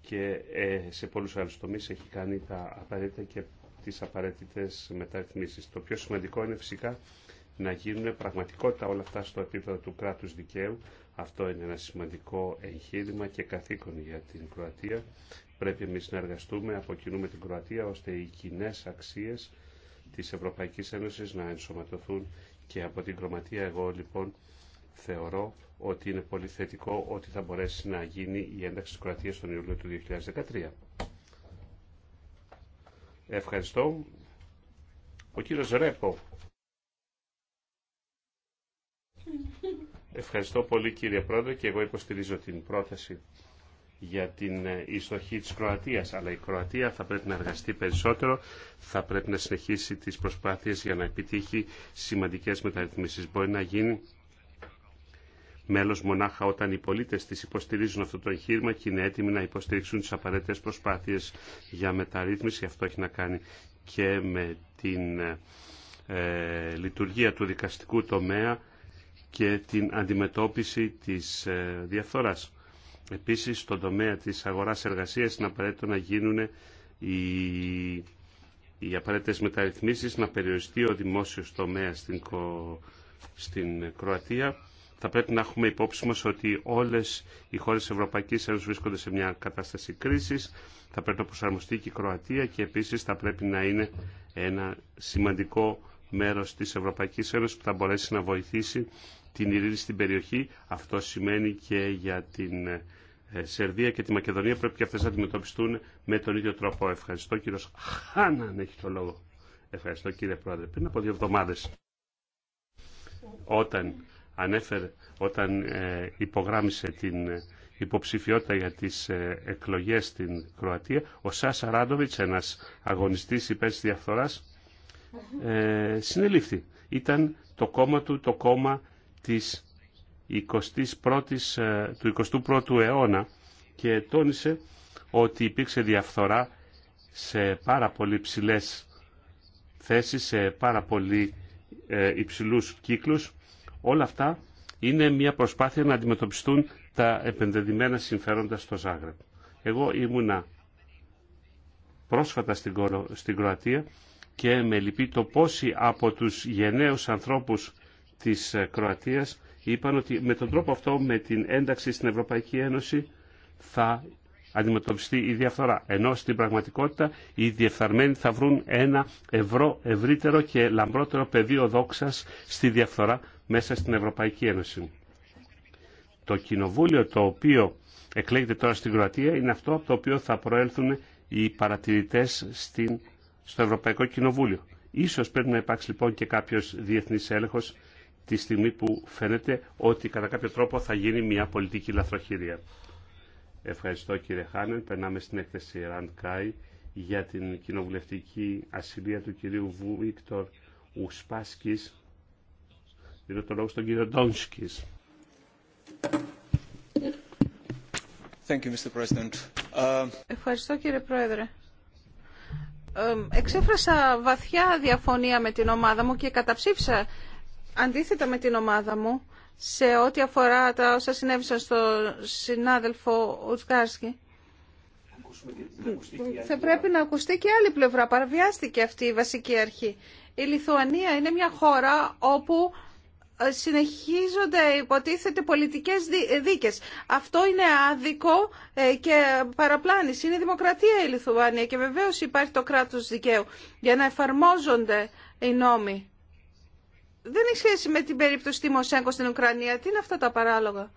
και ε, σε πολλούς άλλους τομείς έχει κάνει τα απαραίτητα και τις απαραίτητες μεταρρυθμίσεις. Το πιο σημαντικό είναι φυσικά να γίνουν πραγματικότητα όλα αυτά στο επίπεδο του κράτους δικαίου. Αυτό είναι ένα σημαντικό εγχείρημα και καθήκον για την Κροατία. Πρέπει εμείς να εργαστούμε, αποκοινούμε την Κροατία, ώστε οι κοινέ αξίες της Ευρωπαϊκής Ένωσης να ενσωματωθούν και από την Κροματία. Εγώ λοιπόν θεωρώ ότι είναι πολύ θετικό ότι θα μπορέσει να γίνει η ένταξη της Κροατίας τον Ιούλιο του 2013. Ευχαριστώ. Ο κύριος Ρέπο. Ευχαριστώ πολύ κύριε Πρόεδρε και εγώ υποστηρίζω την πρόταση για την ιστοχή ε, της Κροατίας. Αλλά η Κροατία θα πρέπει να εργαστεί περισσότερο, θα πρέπει να συνεχίσει τις προσπάθειες για να επιτύχει σημαντικές μεταρρυθμίσεις. Μπορεί να γίνει μέλος μονάχα όταν οι πολίτες της υποστηρίζουν αυτό το εγχείρημα και είναι έτοιμοι να υποστηρίξουν τις απαραίτητες προσπάθειες για μεταρρύθμιση. Αυτό έχει να κάνει και με την ε, λειτουργία του δικαστικού τομέα και την αντιμετώπιση της ε, διαφθοράς. Επίσης, στον τομέα της αγοράς-εργασίας είναι απαραίτητο να γίνουν οι, οι απαραίτητες μεταρρυθμίσεις, να περιοριστεί ο δημόσιος τομέας στην, στην Κροατία θα πρέπει να έχουμε υπόψη μας ότι όλες οι χώρες της Ευρωπαϊκής Ένωσης βρίσκονται σε μια κατάσταση κρίσης. Θα πρέπει να προσαρμοστεί και η Κροατία και επίσης θα πρέπει να είναι ένα σημαντικό μέρος της Ευρωπαϊκής Ένωσης που θα μπορέσει να βοηθήσει την ειρήνη στην περιοχή. Αυτό σημαίνει και για την ε, Σερβία και τη Μακεδονία πρέπει και αυτές να αντιμετωπιστούν με τον ίδιο τρόπο. Ευχαριστώ κύριο Χάναν έχει το λόγο. Ευχαριστώ κύριε Πρόεδρε. Πριν από δύο εβδομάδες όταν ανέφερε όταν ε, υπογράμμισε την ε, υποψηφιότητα για τις ε, εκλογές στην Κροατία, ο Σάσα Ράντοβιτς, ένας αγωνιστής υπέρ της διαφθοράς, συνελήφθη. Ήταν το κόμμα του το κόμμα της 21ης, του 21ου αιώνα και τόνισε ότι υπήρξε διαφθορά σε πάρα πολύ ψηλές θέσεις, σε πάρα πολύ υψηλούς κύκλους Όλα αυτά είναι μια προσπάθεια να αντιμετωπιστούν τα επενδεδημένα συμφέροντα στο Ζάγκρεπ. Εγώ ήμουνα πρόσφατα στην, Κροατία και με λυπεί το πόσοι από τους γενναίους ανθρώπους της ε, Κροατίας είπαν ότι με τον τρόπο αυτό, με την ένταξη στην Ευρωπαϊκή Ένωση, θα αντιμετωπιστεί η διαφθορά. Ενώ στην πραγματικότητα οι διεφθαρμένοι θα βρουν ένα ευρώ ευρύτερο και λαμπρότερο πεδίο δόξας στη διαφθορά μέσα στην Ευρωπαϊκή Ένωση. Το κοινοβούλιο το οποίο εκλέγεται τώρα στην Κροατία είναι αυτό από το οποίο θα προέλθουν οι παρατηρητές στην, στο Ευρωπαϊκό Κοινοβούλιο. Ίσως πρέπει να υπάρξει λοιπόν και κάποιος διεθνής έλεγχος τη στιγμή που φαίνεται ότι κατά κάποιο τρόπο θα γίνει μια πολιτική λαθροχειρία. Ευχαριστώ κύριε Χάνεν. Περνάμε στην έκθεση Ραντ Κάι για την κοινοβουλευτική ασυλία του κυρίου Βίκτορ Ουσπάσκης το λόγο στον κύριο uh, Ευχαριστώ κύριε Πρόεδρε. Εξέφρασα βαθιά διαφωνία με την ομάδα μου και καταψήφισα αντίθετα με την ομάδα μου σε ό,τι αφορά τα όσα συνέβησαν στο συνάδελφο Ουτσκάρσκι. Θα πρέπει να ακουστεί και άλλη πλευρά. Παραβιάστηκε αυτή η βασική αρχή. Η Λιθουανία είναι μια χώρα όπου συνεχίζονται υποτίθεται πολιτικές δίκες. Αυτό είναι άδικο ε, και παραπλάνηση. Είναι δημοκρατία η Λιθουάνια και βεβαίως υπάρχει το κράτος δικαίου για να εφαρμόζονται οι νόμοι. Δεν έχει σχέση με την περίπτωση Τιμοσέγκο στην Ουκρανία. Τι είναι αυτά τα παράλογα.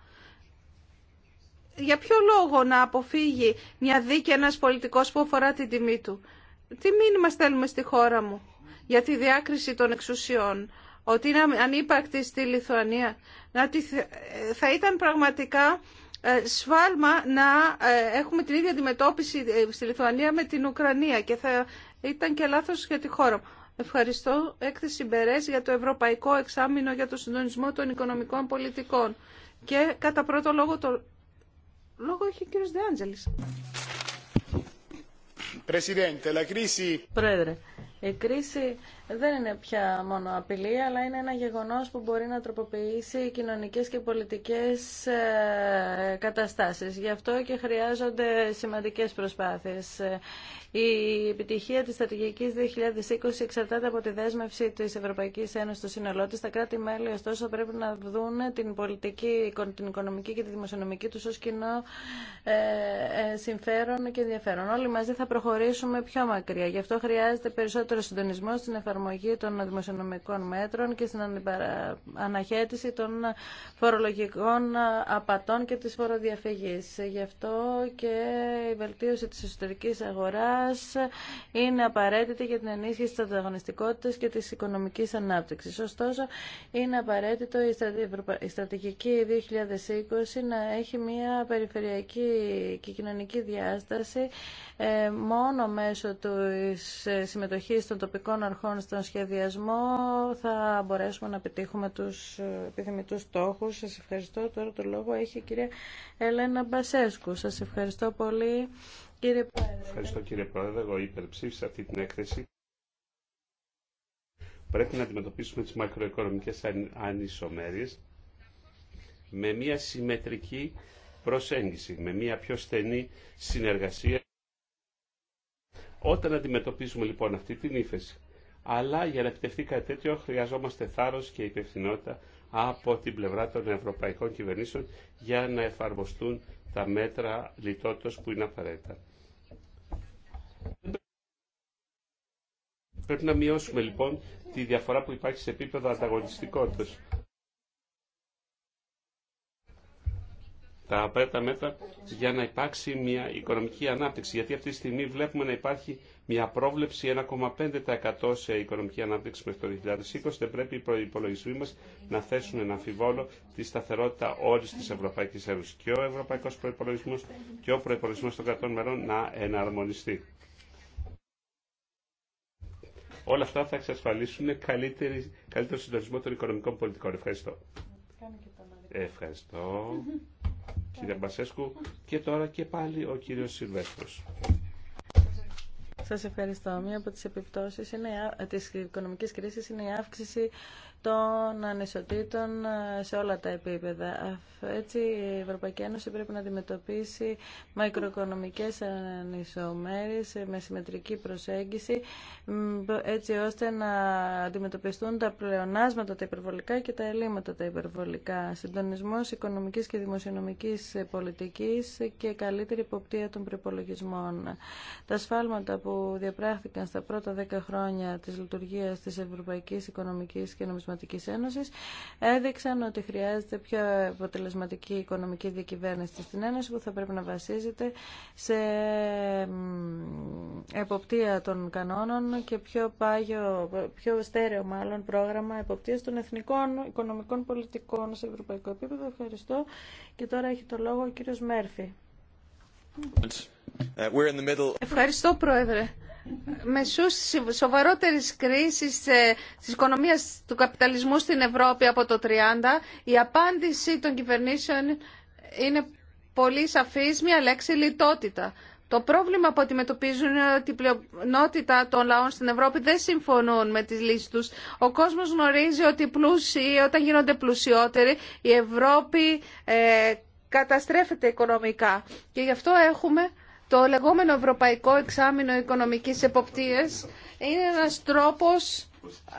Για ποιο λόγο να αποφύγει μια δίκη ένας πολιτικός που αφορά την τιμή του. Τι μήνυμα στέλνουμε στη χώρα μου για τη διάκριση των εξουσιών ότι είναι ανύπαρκτη στη Λιθουανία. Να τη, θα ήταν πραγματικά ε, σφάλμα να ε, έχουμε την ίδια αντιμετώπιση ε, στη Λιθουανία με την Ουκρανία και θα ήταν και λάθος για τη χώρα. Ευχαριστώ. Έκθεση Μπερές για το Ευρωπαϊκό Εξάμεινο για το Συντονισμό των Οικονομικών Πολιτικών. Και κατά πρώτο λόγο το λόγο έχει ο κύριος Δεάντζελης. Πρόεδρε, η κρίση δεν είναι πια μόνο απειλή, αλλά είναι ένα γεγονός που μπορεί να τροποποιήσει κοινωνικές και πολιτικές ε, καταστάσεις. Γι' αυτό και χρειάζονται σημαντικές προσπάθειες. Η επιτυχία της στρατηγικής 2020 εξαρτάται από τη δέσμευση της Ευρωπαϊκής Ένωσης στο σύνολό της. Τα κράτη-μέλη, ωστόσο, πρέπει να δουν την πολιτική, την οικονομική και τη δημοσιονομική τους ως κοινό ε, ε, συμφέρον και ενδιαφέρον. Όλοι μαζί θα προχωρήσουμε πιο μακριά. Γι' αυτό χρειάζεται περισσότερο συντονισμό στην εφαρμογή εφαρμογή των δημοσιονομικών μέτρων και στην αναχέτηση των φορολογικών απατών και της φοροδιαφυγής. Γι' αυτό και η βελτίωση της εσωτερικής αγοράς είναι απαραίτητη για την ενίσχυση της ανταγωνιστικότητας και της οικονομικής ανάπτυξης. Ωστόσο, είναι απαραίτητο η στρατηγική 2020 να έχει μια περιφερειακή και κοινωνική διάσταση ε, μόνο μέσω της συμμετοχής των τοπικών αρχών στον σχεδιασμό θα μπορέσουμε να πετύχουμε τους επιθυμητούς στόχους. Σας ευχαριστώ. Τώρα το λόγο έχει η κυρία Ελένα Μπασέσκου. Σας ευχαριστώ πολύ κύριε Πρόεδρε. Ευχαριστώ κύριε Πρόεδρε. Εγώ υπερψήφισα αυτή την έκθεση. Πρέπει να αντιμετωπίσουμε τις μακροοικονομικές ανισομέρειες με μια συμμετρική προσέγγιση, με μια πιο στενή συνεργασία. Όταν αντιμετωπίζουμε λοιπόν αυτή την ύφεση, αλλά για να επιτευχθεί κάτι τέτοιο χρειαζόμαστε θάρρος και υπευθυνότητα από την πλευρά των ευρωπαϊκών κυβερνήσεων για να εφαρμοστούν τα μέτρα λιτότητας που είναι απαραίτητα. Πρέπει να μειώσουμε λοιπόν τη διαφορά που υπάρχει σε επίπεδο ανταγωνιστικότητας. τα απαραίτητα μέτρα για να υπάρξει μια οικονομική ανάπτυξη. Γιατί αυτή τη στιγμή βλέπουμε να υπάρχει μια πρόβλεψη 1,5% σε οικονομική ανάπτυξη μέχρι το 2020. Δεν πρέπει οι προπολογισμοί μα να θέσουν ένα αμφιβόλο τη σταθερότητα όλη τη Ευρωπαϊκή Ένωση. Και ο Ευρωπαϊκό Προπολογισμό και ο προπολογισμό των κρατών μερών να εναρμονιστεί. Όλα αυτά θα εξασφαλίσουν καλύτερη, καλύτερο συντονισμό των οικονομικών πολιτικών. Ευχαριστώ. Ευχαριστώ. κύριε Μπασέσκου και τώρα και πάλι ο κύριος Σιλβέστρος. Σας ευχαριστώ. Μία από τις επιπτώσεις είναι, της οικονομικής κρίσης είναι η αύξηση των ανισοτήτων ε, σε όλα τα επίπεδα. Έτσι η Ευρωπαϊκή Ένωση πρέπει να αντιμετωπίσει μακροοικονομικές ανισομέρειες ε, με συμμετρική προσέγγιση έτσι ώστε να αντιμετωπιστούν τα πλεονάσματα τα υπερβολικά και τα ελλείμματα τα υπερβολικά. Συντονισμός οικονομικής και δημοσιονομικής πολιτικής και καλύτερη υποπτία των προπολογισμών. Τα σφάλματα που διαπράχθηκαν στα πρώτα δέκα χρόνια της λειτουργίας της Ευρωπαϊκής Οικονομικής και Νομισματική Αποτελεσματικής Ένωσης έδειξαν ότι χρειάζεται πιο αποτελεσματική οικονομική διακυβέρνηση στην Ένωση που θα πρέπει να βασίζεται σε εποπτεία των κανόνων και πιο, πάγιο, πιο στέρεο μάλλον πρόγραμμα εποπτείας των εθνικών οικονομικών πολιτικών σε ευρωπαϊκό επίπεδο. Ευχαριστώ. Και τώρα έχει το λόγο ο κύριος Μέρφη. Ευχαριστώ, Πρόεδρε μεσού σοβαρότερης κρίσης ε, της οικονομίας του καπιταλισμού στην Ευρώπη από το 30, η απάντηση των κυβερνήσεων είναι πολύ σαφής, μια λέξη λιτότητα. Το πρόβλημα που αντιμετωπίζουν είναι ότι η πλειονότητα των λαών στην Ευρώπη δεν συμφωνούν με τις λύσεις τους. Ο κόσμος γνωρίζει ότι πλούσιοι, όταν γίνονται πλουσιότεροι, η Ευρώπη ε, καταστρέφεται οικονομικά. Και γι' αυτό έχουμε το λεγόμενο Ευρωπαϊκό Εξάμεινο Οικονομικής Εποπτείας είναι ένας τρόπος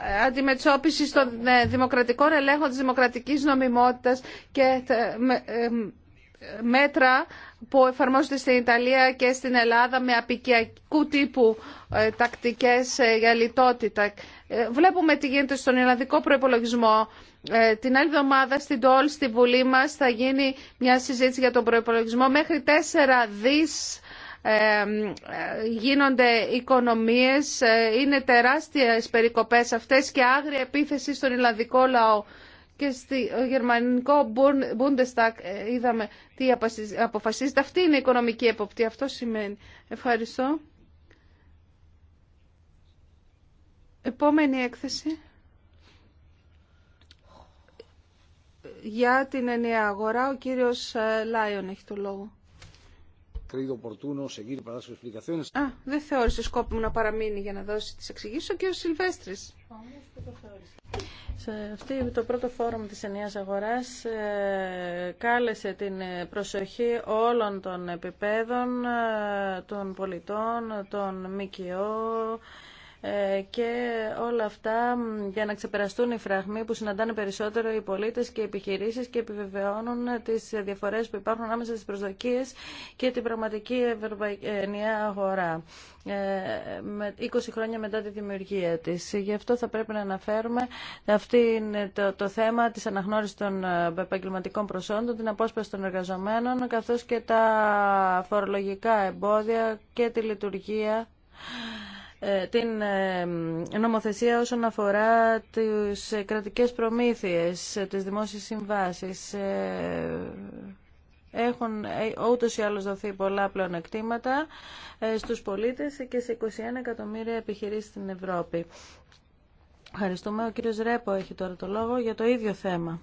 ε, αντιμετώπισης των ε, δημοκρατικών ελέγχων της δημοκρατικής νομιμότητας και ε, μέτρα που εφαρμόζονται στην Ιταλία και στην Ελλάδα με απικιακού τύπου τακτικές για λιτότητα. Βλέπουμε τι γίνεται στον ελληνικό προϋπολογισμό. Την άλλη εβδομάδα στην Τόλ, στη Βουλή μας, θα γίνει μια συζήτηση για τον προϋπολογισμό μέχρι 4 δις γίνονται οικονομίες. Ε, είναι τεράστιες περικοπές αυτές και άγρια επίθεση στον Ιλλανδικό λαό. Και στο γερμανικό Bundestag ε, είδαμε τι αποφασίζεται. Αυτή είναι η οικονομική εποπτεία. Αυτό σημαίνει. Ευχαριστώ. Επόμενη έκθεση. Για την ενιαία αγορά, ο κύριος ε, Λάιον έχει το λόγο. Κρίνει οπορτούνο Α, δεν θεώρησε μου να παραμείνει για να δώσει τις εξηγήσεις ο κ. Σιλβέστρης. Σε αυτή το πρώτο φόρουμ της ενίας αγοράς ε, κάλεσε την προσοχή όλων των επιπέδων, ε, των πολιτών, των ΜΚΟ, ε, και όλα αυτά για να ξεπεραστούν οι φραγμοί που συναντάνε περισσότερο οι πολίτες και οι επιχειρήσεις και επιβεβαιώνουν τις διαφορές που υπάρχουν ανάμεσα στις προσδοκίες και την πραγματική ευρωπαϊκή αγορά. 20 ε, χρόνια μετά τη δημιουργία της. Γι' αυτό θα πρέπει να αναφέρουμε αυτή είναι το, το θέμα της αναγνώρισης των ε, επαγγελματικών προσόντων, την απόσπαση των εργαζομένων, καθώς και τα φορολογικά εμπόδια και τη λειτουργία ε, την ε, νομοθεσία όσον αφορά τις κρατικές προμήθειες, ε, τις δημόσιες συμβάσεις. Έχουν ούτως ή άλλως δοθεί πολλά πλεονεκτήματα στους πολίτες και σε 21 εκατομμύρια επιχειρήσεις στην Ευρώπη. Ευχαριστούμε. Ο κύριος Ρέπο έχει τώρα το λόγο για το ίδιο θέμα.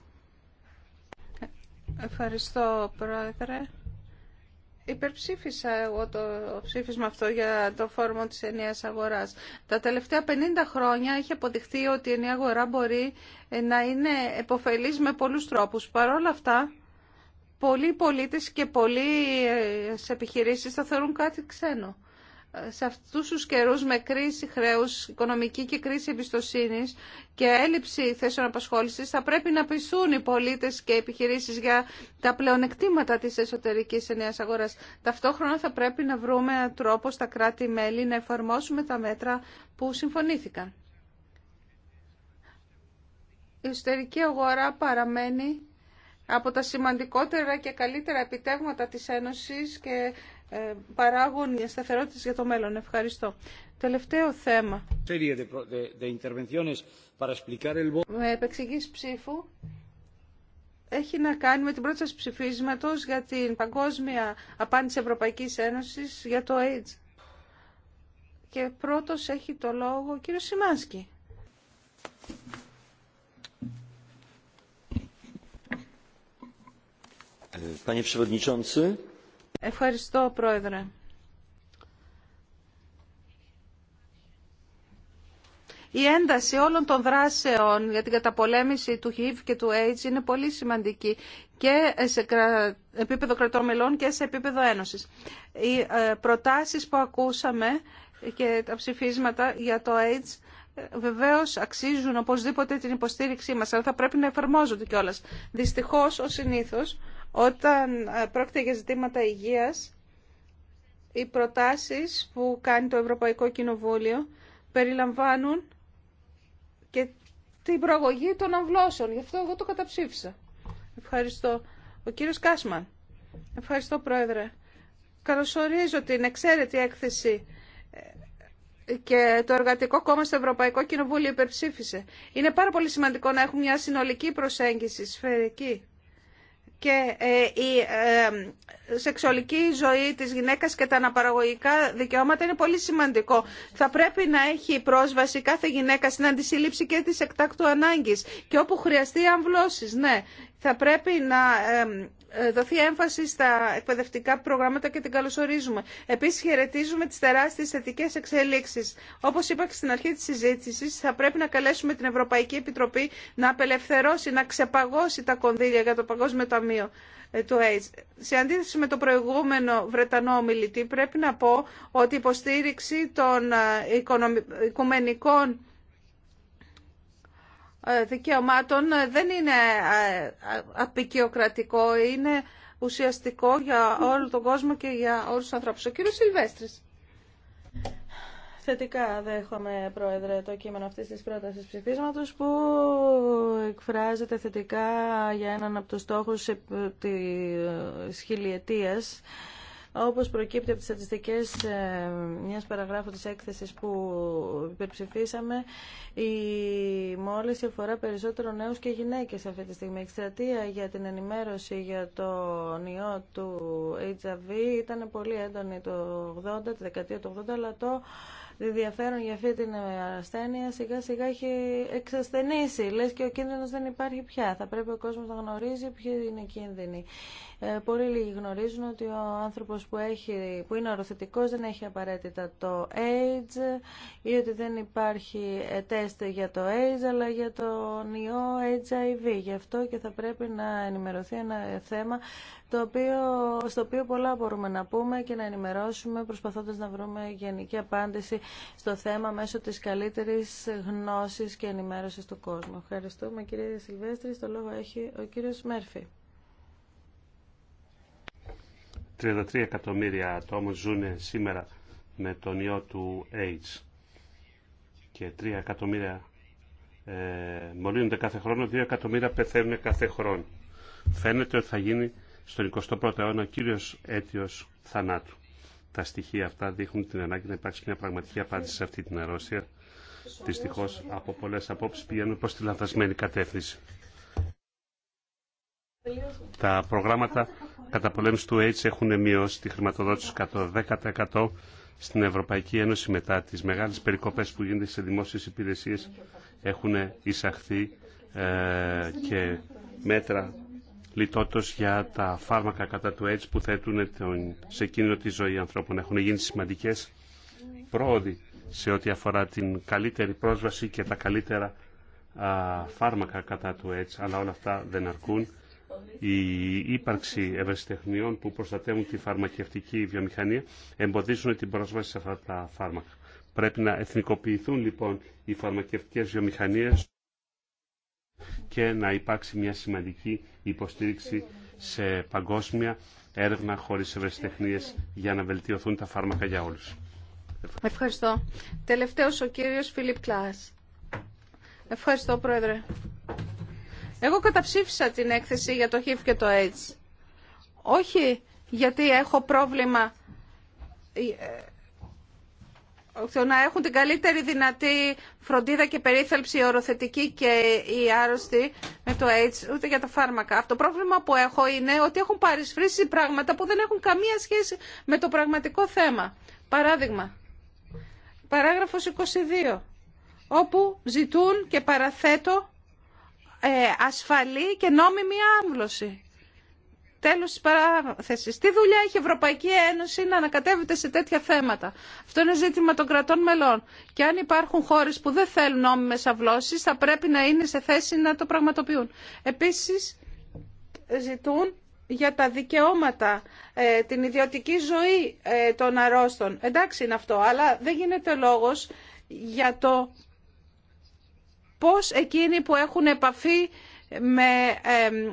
Ευχαριστώ, Πρόεδρε υπερψήφισα εγώ το ψήφισμα αυτό για το φόρμα της ενιαίας αγοράς. Τα τελευταία 50 χρόνια έχει αποδειχθεί ότι η ενιαία αγορά μπορεί ε, να είναι επωφελής με πολλούς τρόπους. Παρ' όλα αυτά, πολλοί πολίτες και πολλοί ε, επιχειρήσεις θα θεωρούν κάτι ξένο σε αυτούς τους καιρούς με κρίση χρέους, οικονομική και κρίση εμπιστοσύνης και έλλειψη θέσεων απασχόλησης θα πρέπει να πεισούν οι πολίτες και οι επιχειρήσεις για τα πλεονεκτήματα της εσωτερικής ενέας αγοράς. Ταυτόχρονα θα πρέπει να βρούμε τρόπο στα κράτη-μέλη να εφαρμόσουμε τα μέτρα που συμφωνήθηκαν. Η εσωτερική αγορά παραμένει από τα σημαντικότερα και καλύτερα επιτεύγματα της Ένωσης και ε, παράγουν σταθερότητα για το μέλλον. Ευχαριστώ. Τελευταίο θέμα. Με επεξηγής ψήφου έχει να κάνει με την πρόταση ψηφίσματος για την παγκόσμια απάντηση Ευρωπαϊκής Ένωσης για το AIDS. Και πρώτος έχει το λόγο ο κύριος Σιμάνσκι. Ε, Panie Ευχαριστώ, Πρόεδρε. Η ένταση όλων των δράσεων για την καταπολέμηση του HIV και του AIDS είναι πολύ σημαντική και σε επίπεδο κρατών και σε επίπεδο ένωσης. Οι ε, προτάσεις που ακούσαμε και τα ψηφίσματα για το AIDS ε, βεβαίως αξίζουν οπωσδήποτε την υποστήριξή μας, αλλά θα πρέπει να εφαρμόζονται κιόλας. Δυστυχώς, ο συνήθως, όταν ε, πρόκειται για ζητήματα υγείας, οι προτάσεις που κάνει το Ευρωπαϊκό Κοινοβούλιο περιλαμβάνουν και την προαγωγή των αμβλώσεων. Γι' αυτό εγώ το καταψήφισα. Ευχαριστώ. Ο κύριος Κάσμαν. Ευχαριστώ, Πρόεδρε. Καλωσορίζω την εξαίρετη έκθεση ε, και το Εργατικό Κόμμα στο Ευρωπαϊκό Κοινοβούλιο υπερψήφισε. Είναι πάρα πολύ σημαντικό να έχουμε μια συνολική προσέγγιση, σφαιρική και ε, η ε, σεξουαλική ζωή της γυναίκας και τα αναπαραγωγικά δικαιώματα είναι πολύ σημαντικό. Θα πρέπει να έχει πρόσβαση κάθε γυναίκα στην αντισύλληψη και της εκτάκτου ανάγκης και όπου χρειαστεί αμβλώσεις, ναι. Θα πρέπει να ε, ε, δοθεί έμφαση στα εκπαιδευτικά προγράμματα και την καλωσορίζουμε. Επίση, χαιρετίζουμε τις τεράστιες θετικέ εξέλιξεις. Όπως είπα και στην αρχή της συζήτηση, θα πρέπει να καλέσουμε την Ευρωπαϊκή Επιτροπή να απελευθερώσει, να ξεπαγώσει τα κονδύλια για το Παγκόσμιο Ταμείο ε, του AIDS. Σε αντίθεση με το προηγούμενο Βρετανό ομιλητή, πρέπει να πω ότι η υποστήριξη των ε, οικουμενικών ε, δικαιωμάτων ε, δεν είναι ε, απεικιοκρατικό, είναι ουσιαστικό για όλο τον κόσμο και για όλους τους ανθρώπους. Ο κύριος Σιλβέστρης. Θετικά δέχομαι, Πρόεδρε, το κείμενο αυτής της πρότασης ψηφίσματος που εκφράζεται θετικά για έναν από τους στόχους της χιλιετίας όπως προκύπτει από τις στατιστικές ε, μιας παραγράφου της έκθεσης που υπερψηφίσαμε, η μόλις αφορά περισσότερο νέους και γυναίκες αυτή τη στιγμή. Η εκστρατεία για την ενημέρωση για το ιό του HIV ήταν πολύ έντονη το 80, τη δεκαετία του 80, ενδιαφέρον για αυτή την ε, ασθένεια σιγά σιγά έχει εξασθενήσει. Λες και ο κίνδυνος δεν υπάρχει πια. Θα πρέπει ο κόσμος να γνωρίζει ποιοι είναι οι κίνδυνοι. Ε, πολύ λίγοι γνωρίζουν ότι ο άνθρωπος που, έχει, που είναι οροθετικός δεν έχει απαραίτητα το AIDS ή ότι δεν υπάρχει ε, τεστ για το AIDS αλλά για το νιό HIV. Γι' αυτό και θα πρέπει να ενημερωθεί ένα θέμα το οποίο, στο οποίο πολλά μπορούμε να πούμε και να ενημερώσουμε προσπαθώντας να βρούμε γενική απάντηση στο θέμα μέσω της καλύτερης γνώσης και ενημέρωσης του κόσμου. Ευχαριστούμε κύριε Σιλβέστρη. Στο λόγο έχει ο κύριος Μέρφη. 33 εκατομμύρια άτομα ζουν σήμερα με τον ιό του AIDS και 3 εκατομμύρια ε, μολύνονται κάθε χρόνο, 2 εκατομμύρια πεθαίνουν κάθε χρόνο. Φαίνεται ότι θα γίνει στον 21ο αιώνα ο κύριος αίτιος θανάτου. Τα στοιχεία αυτά δείχνουν την ανάγκη να υπάρξει μια πραγματική απάντηση σε αυτή την αρρώστια. Δυστυχώ από πολλέ απόψει πηγαίνουν προ τη λανθασμένη κατεύθυνση. Τα προγράμματα καταπολέμησης του AIDS έχουν μειώσει τη χρηματοδότηση κατά 10% στην Ευρωπαϊκή Ένωση μετά τις μεγάλες περικοπές που γίνονται σε δημόσιες υπηρεσίες έχουν εισαχθεί ε, και μέτρα Λιτότος για τα φάρμακα κατά του AIDS που θέτουν σε κίνδυνο τη ζωή ανθρώπων. Έχουν γίνει σημαντικές πρόοδοι σε ό,τι αφορά την καλύτερη πρόσβαση και τα καλύτερα φάρμακα κατά του AIDS, αλλά όλα αυτά δεν αρκούν. Η ύπαρξη ευαισθητεχνιών που προστατεύουν τη φαρμακευτική βιομηχανία εμποδίζουν την πρόσβαση σε αυτά τα φάρμακα. Πρέπει να εθνικοποιηθούν λοιπόν οι φαρμακευτικές βιομηχανίες και να υπάρξει μια σημαντική υποστήριξη σε παγκόσμια έρευνα χωρίς ευρεσιτεχνίες για να βελτιωθούν τα φάρμακα για όλους. Ευχαριστώ. Τελευταίος ο κύριος Φιλιπ Κλάς. Ευχαριστώ, Πρόεδρε. Εγώ καταψήφισα την έκθεση για το HIV και το AIDS. Όχι γιατί έχω πρόβλημα ε, να έχουν την καλύτερη δυνατή φροντίδα και περίθαλψη οι οροθετικοί και οι άρρωστοι με το AIDS, ούτε για τα φάρμακα. Αυτό το πρόβλημα που έχω είναι ότι έχουν παρισφρήσει πράγματα που δεν έχουν καμία σχέση με το πραγματικό θέμα. Παράδειγμα, παράγραφος 22, όπου ζητούν και παραθέτω ε, ασφαλή και νόμιμη άμβλωση τέλος της παράθεσης. Τι δουλειά έχει η Ευρωπαϊκή Ένωση να ανακατεύεται σε τέτοια θέματα. Αυτό είναι ζήτημα των κρατών μελών. Και αν υπάρχουν χώρες που δεν θέλουν νόμιμες αυλώσεις, θα πρέπει να είναι σε θέση να το πραγματοποιούν. Επίσης, ζητούν για τα δικαιώματα, ε, την ιδιωτική ζωή ε, των αρρώστων. Εντάξει είναι αυτό, αλλά δεν γίνεται λόγος για το πώς εκείνοι που έχουν επαφή με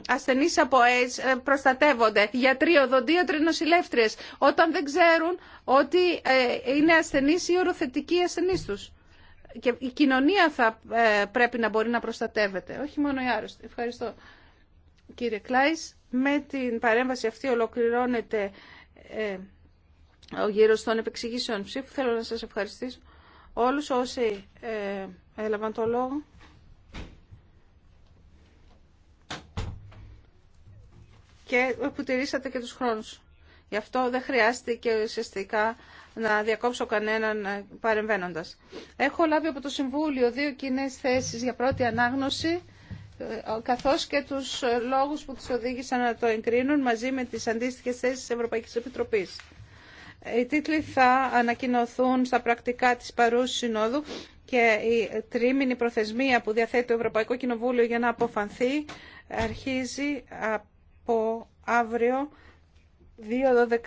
ασθενεί από AIDS ε, προστατεύονται. Γιατροί, οδοντίατροι, νοσηλεύτριε, όταν δεν ξέρουν ότι ε, είναι ασθενεί ή οροθετικοί ασθενεί τους. Και η κοινωνία θα ε, πρέπει να μπορεί να προστατεύεται, όχι μόνο οι άρρωστοι. Ευχαριστώ κύριε Κλάης. Με την παρέμβαση αυτή ολοκληρώνεται ο γύρος των επεξηγήσεων ψήφου. Θέλω να σα ευχαριστήσω όλους όσοι έλαβαν το λόγο. και που τηρήσατε και τους χρόνους. Γι' αυτό δεν χρειάστηκε ουσιαστικά να διακόψω κανέναν ε, παρεμβαίνοντα. Έχω λάβει από το Συμβούλιο δύο κοινέ θέσει για πρώτη ανάγνωση, ε, καθώς και τους ε, λόγου που του οδήγησαν να το εγκρίνουν μαζί με τι αντίστοιχε θέσει τη Ευρωπαϊκή Επιτροπή. Οι τίτλοι θα ανακοινωθούν στα πρακτικά τη παρούση συνόδου και η τρίμηνη προθεσμία που διαθέτει το Ευρωπαϊκό Κοινοβούλιο για να αποφανθεί αρχίζει από αύριο 2 12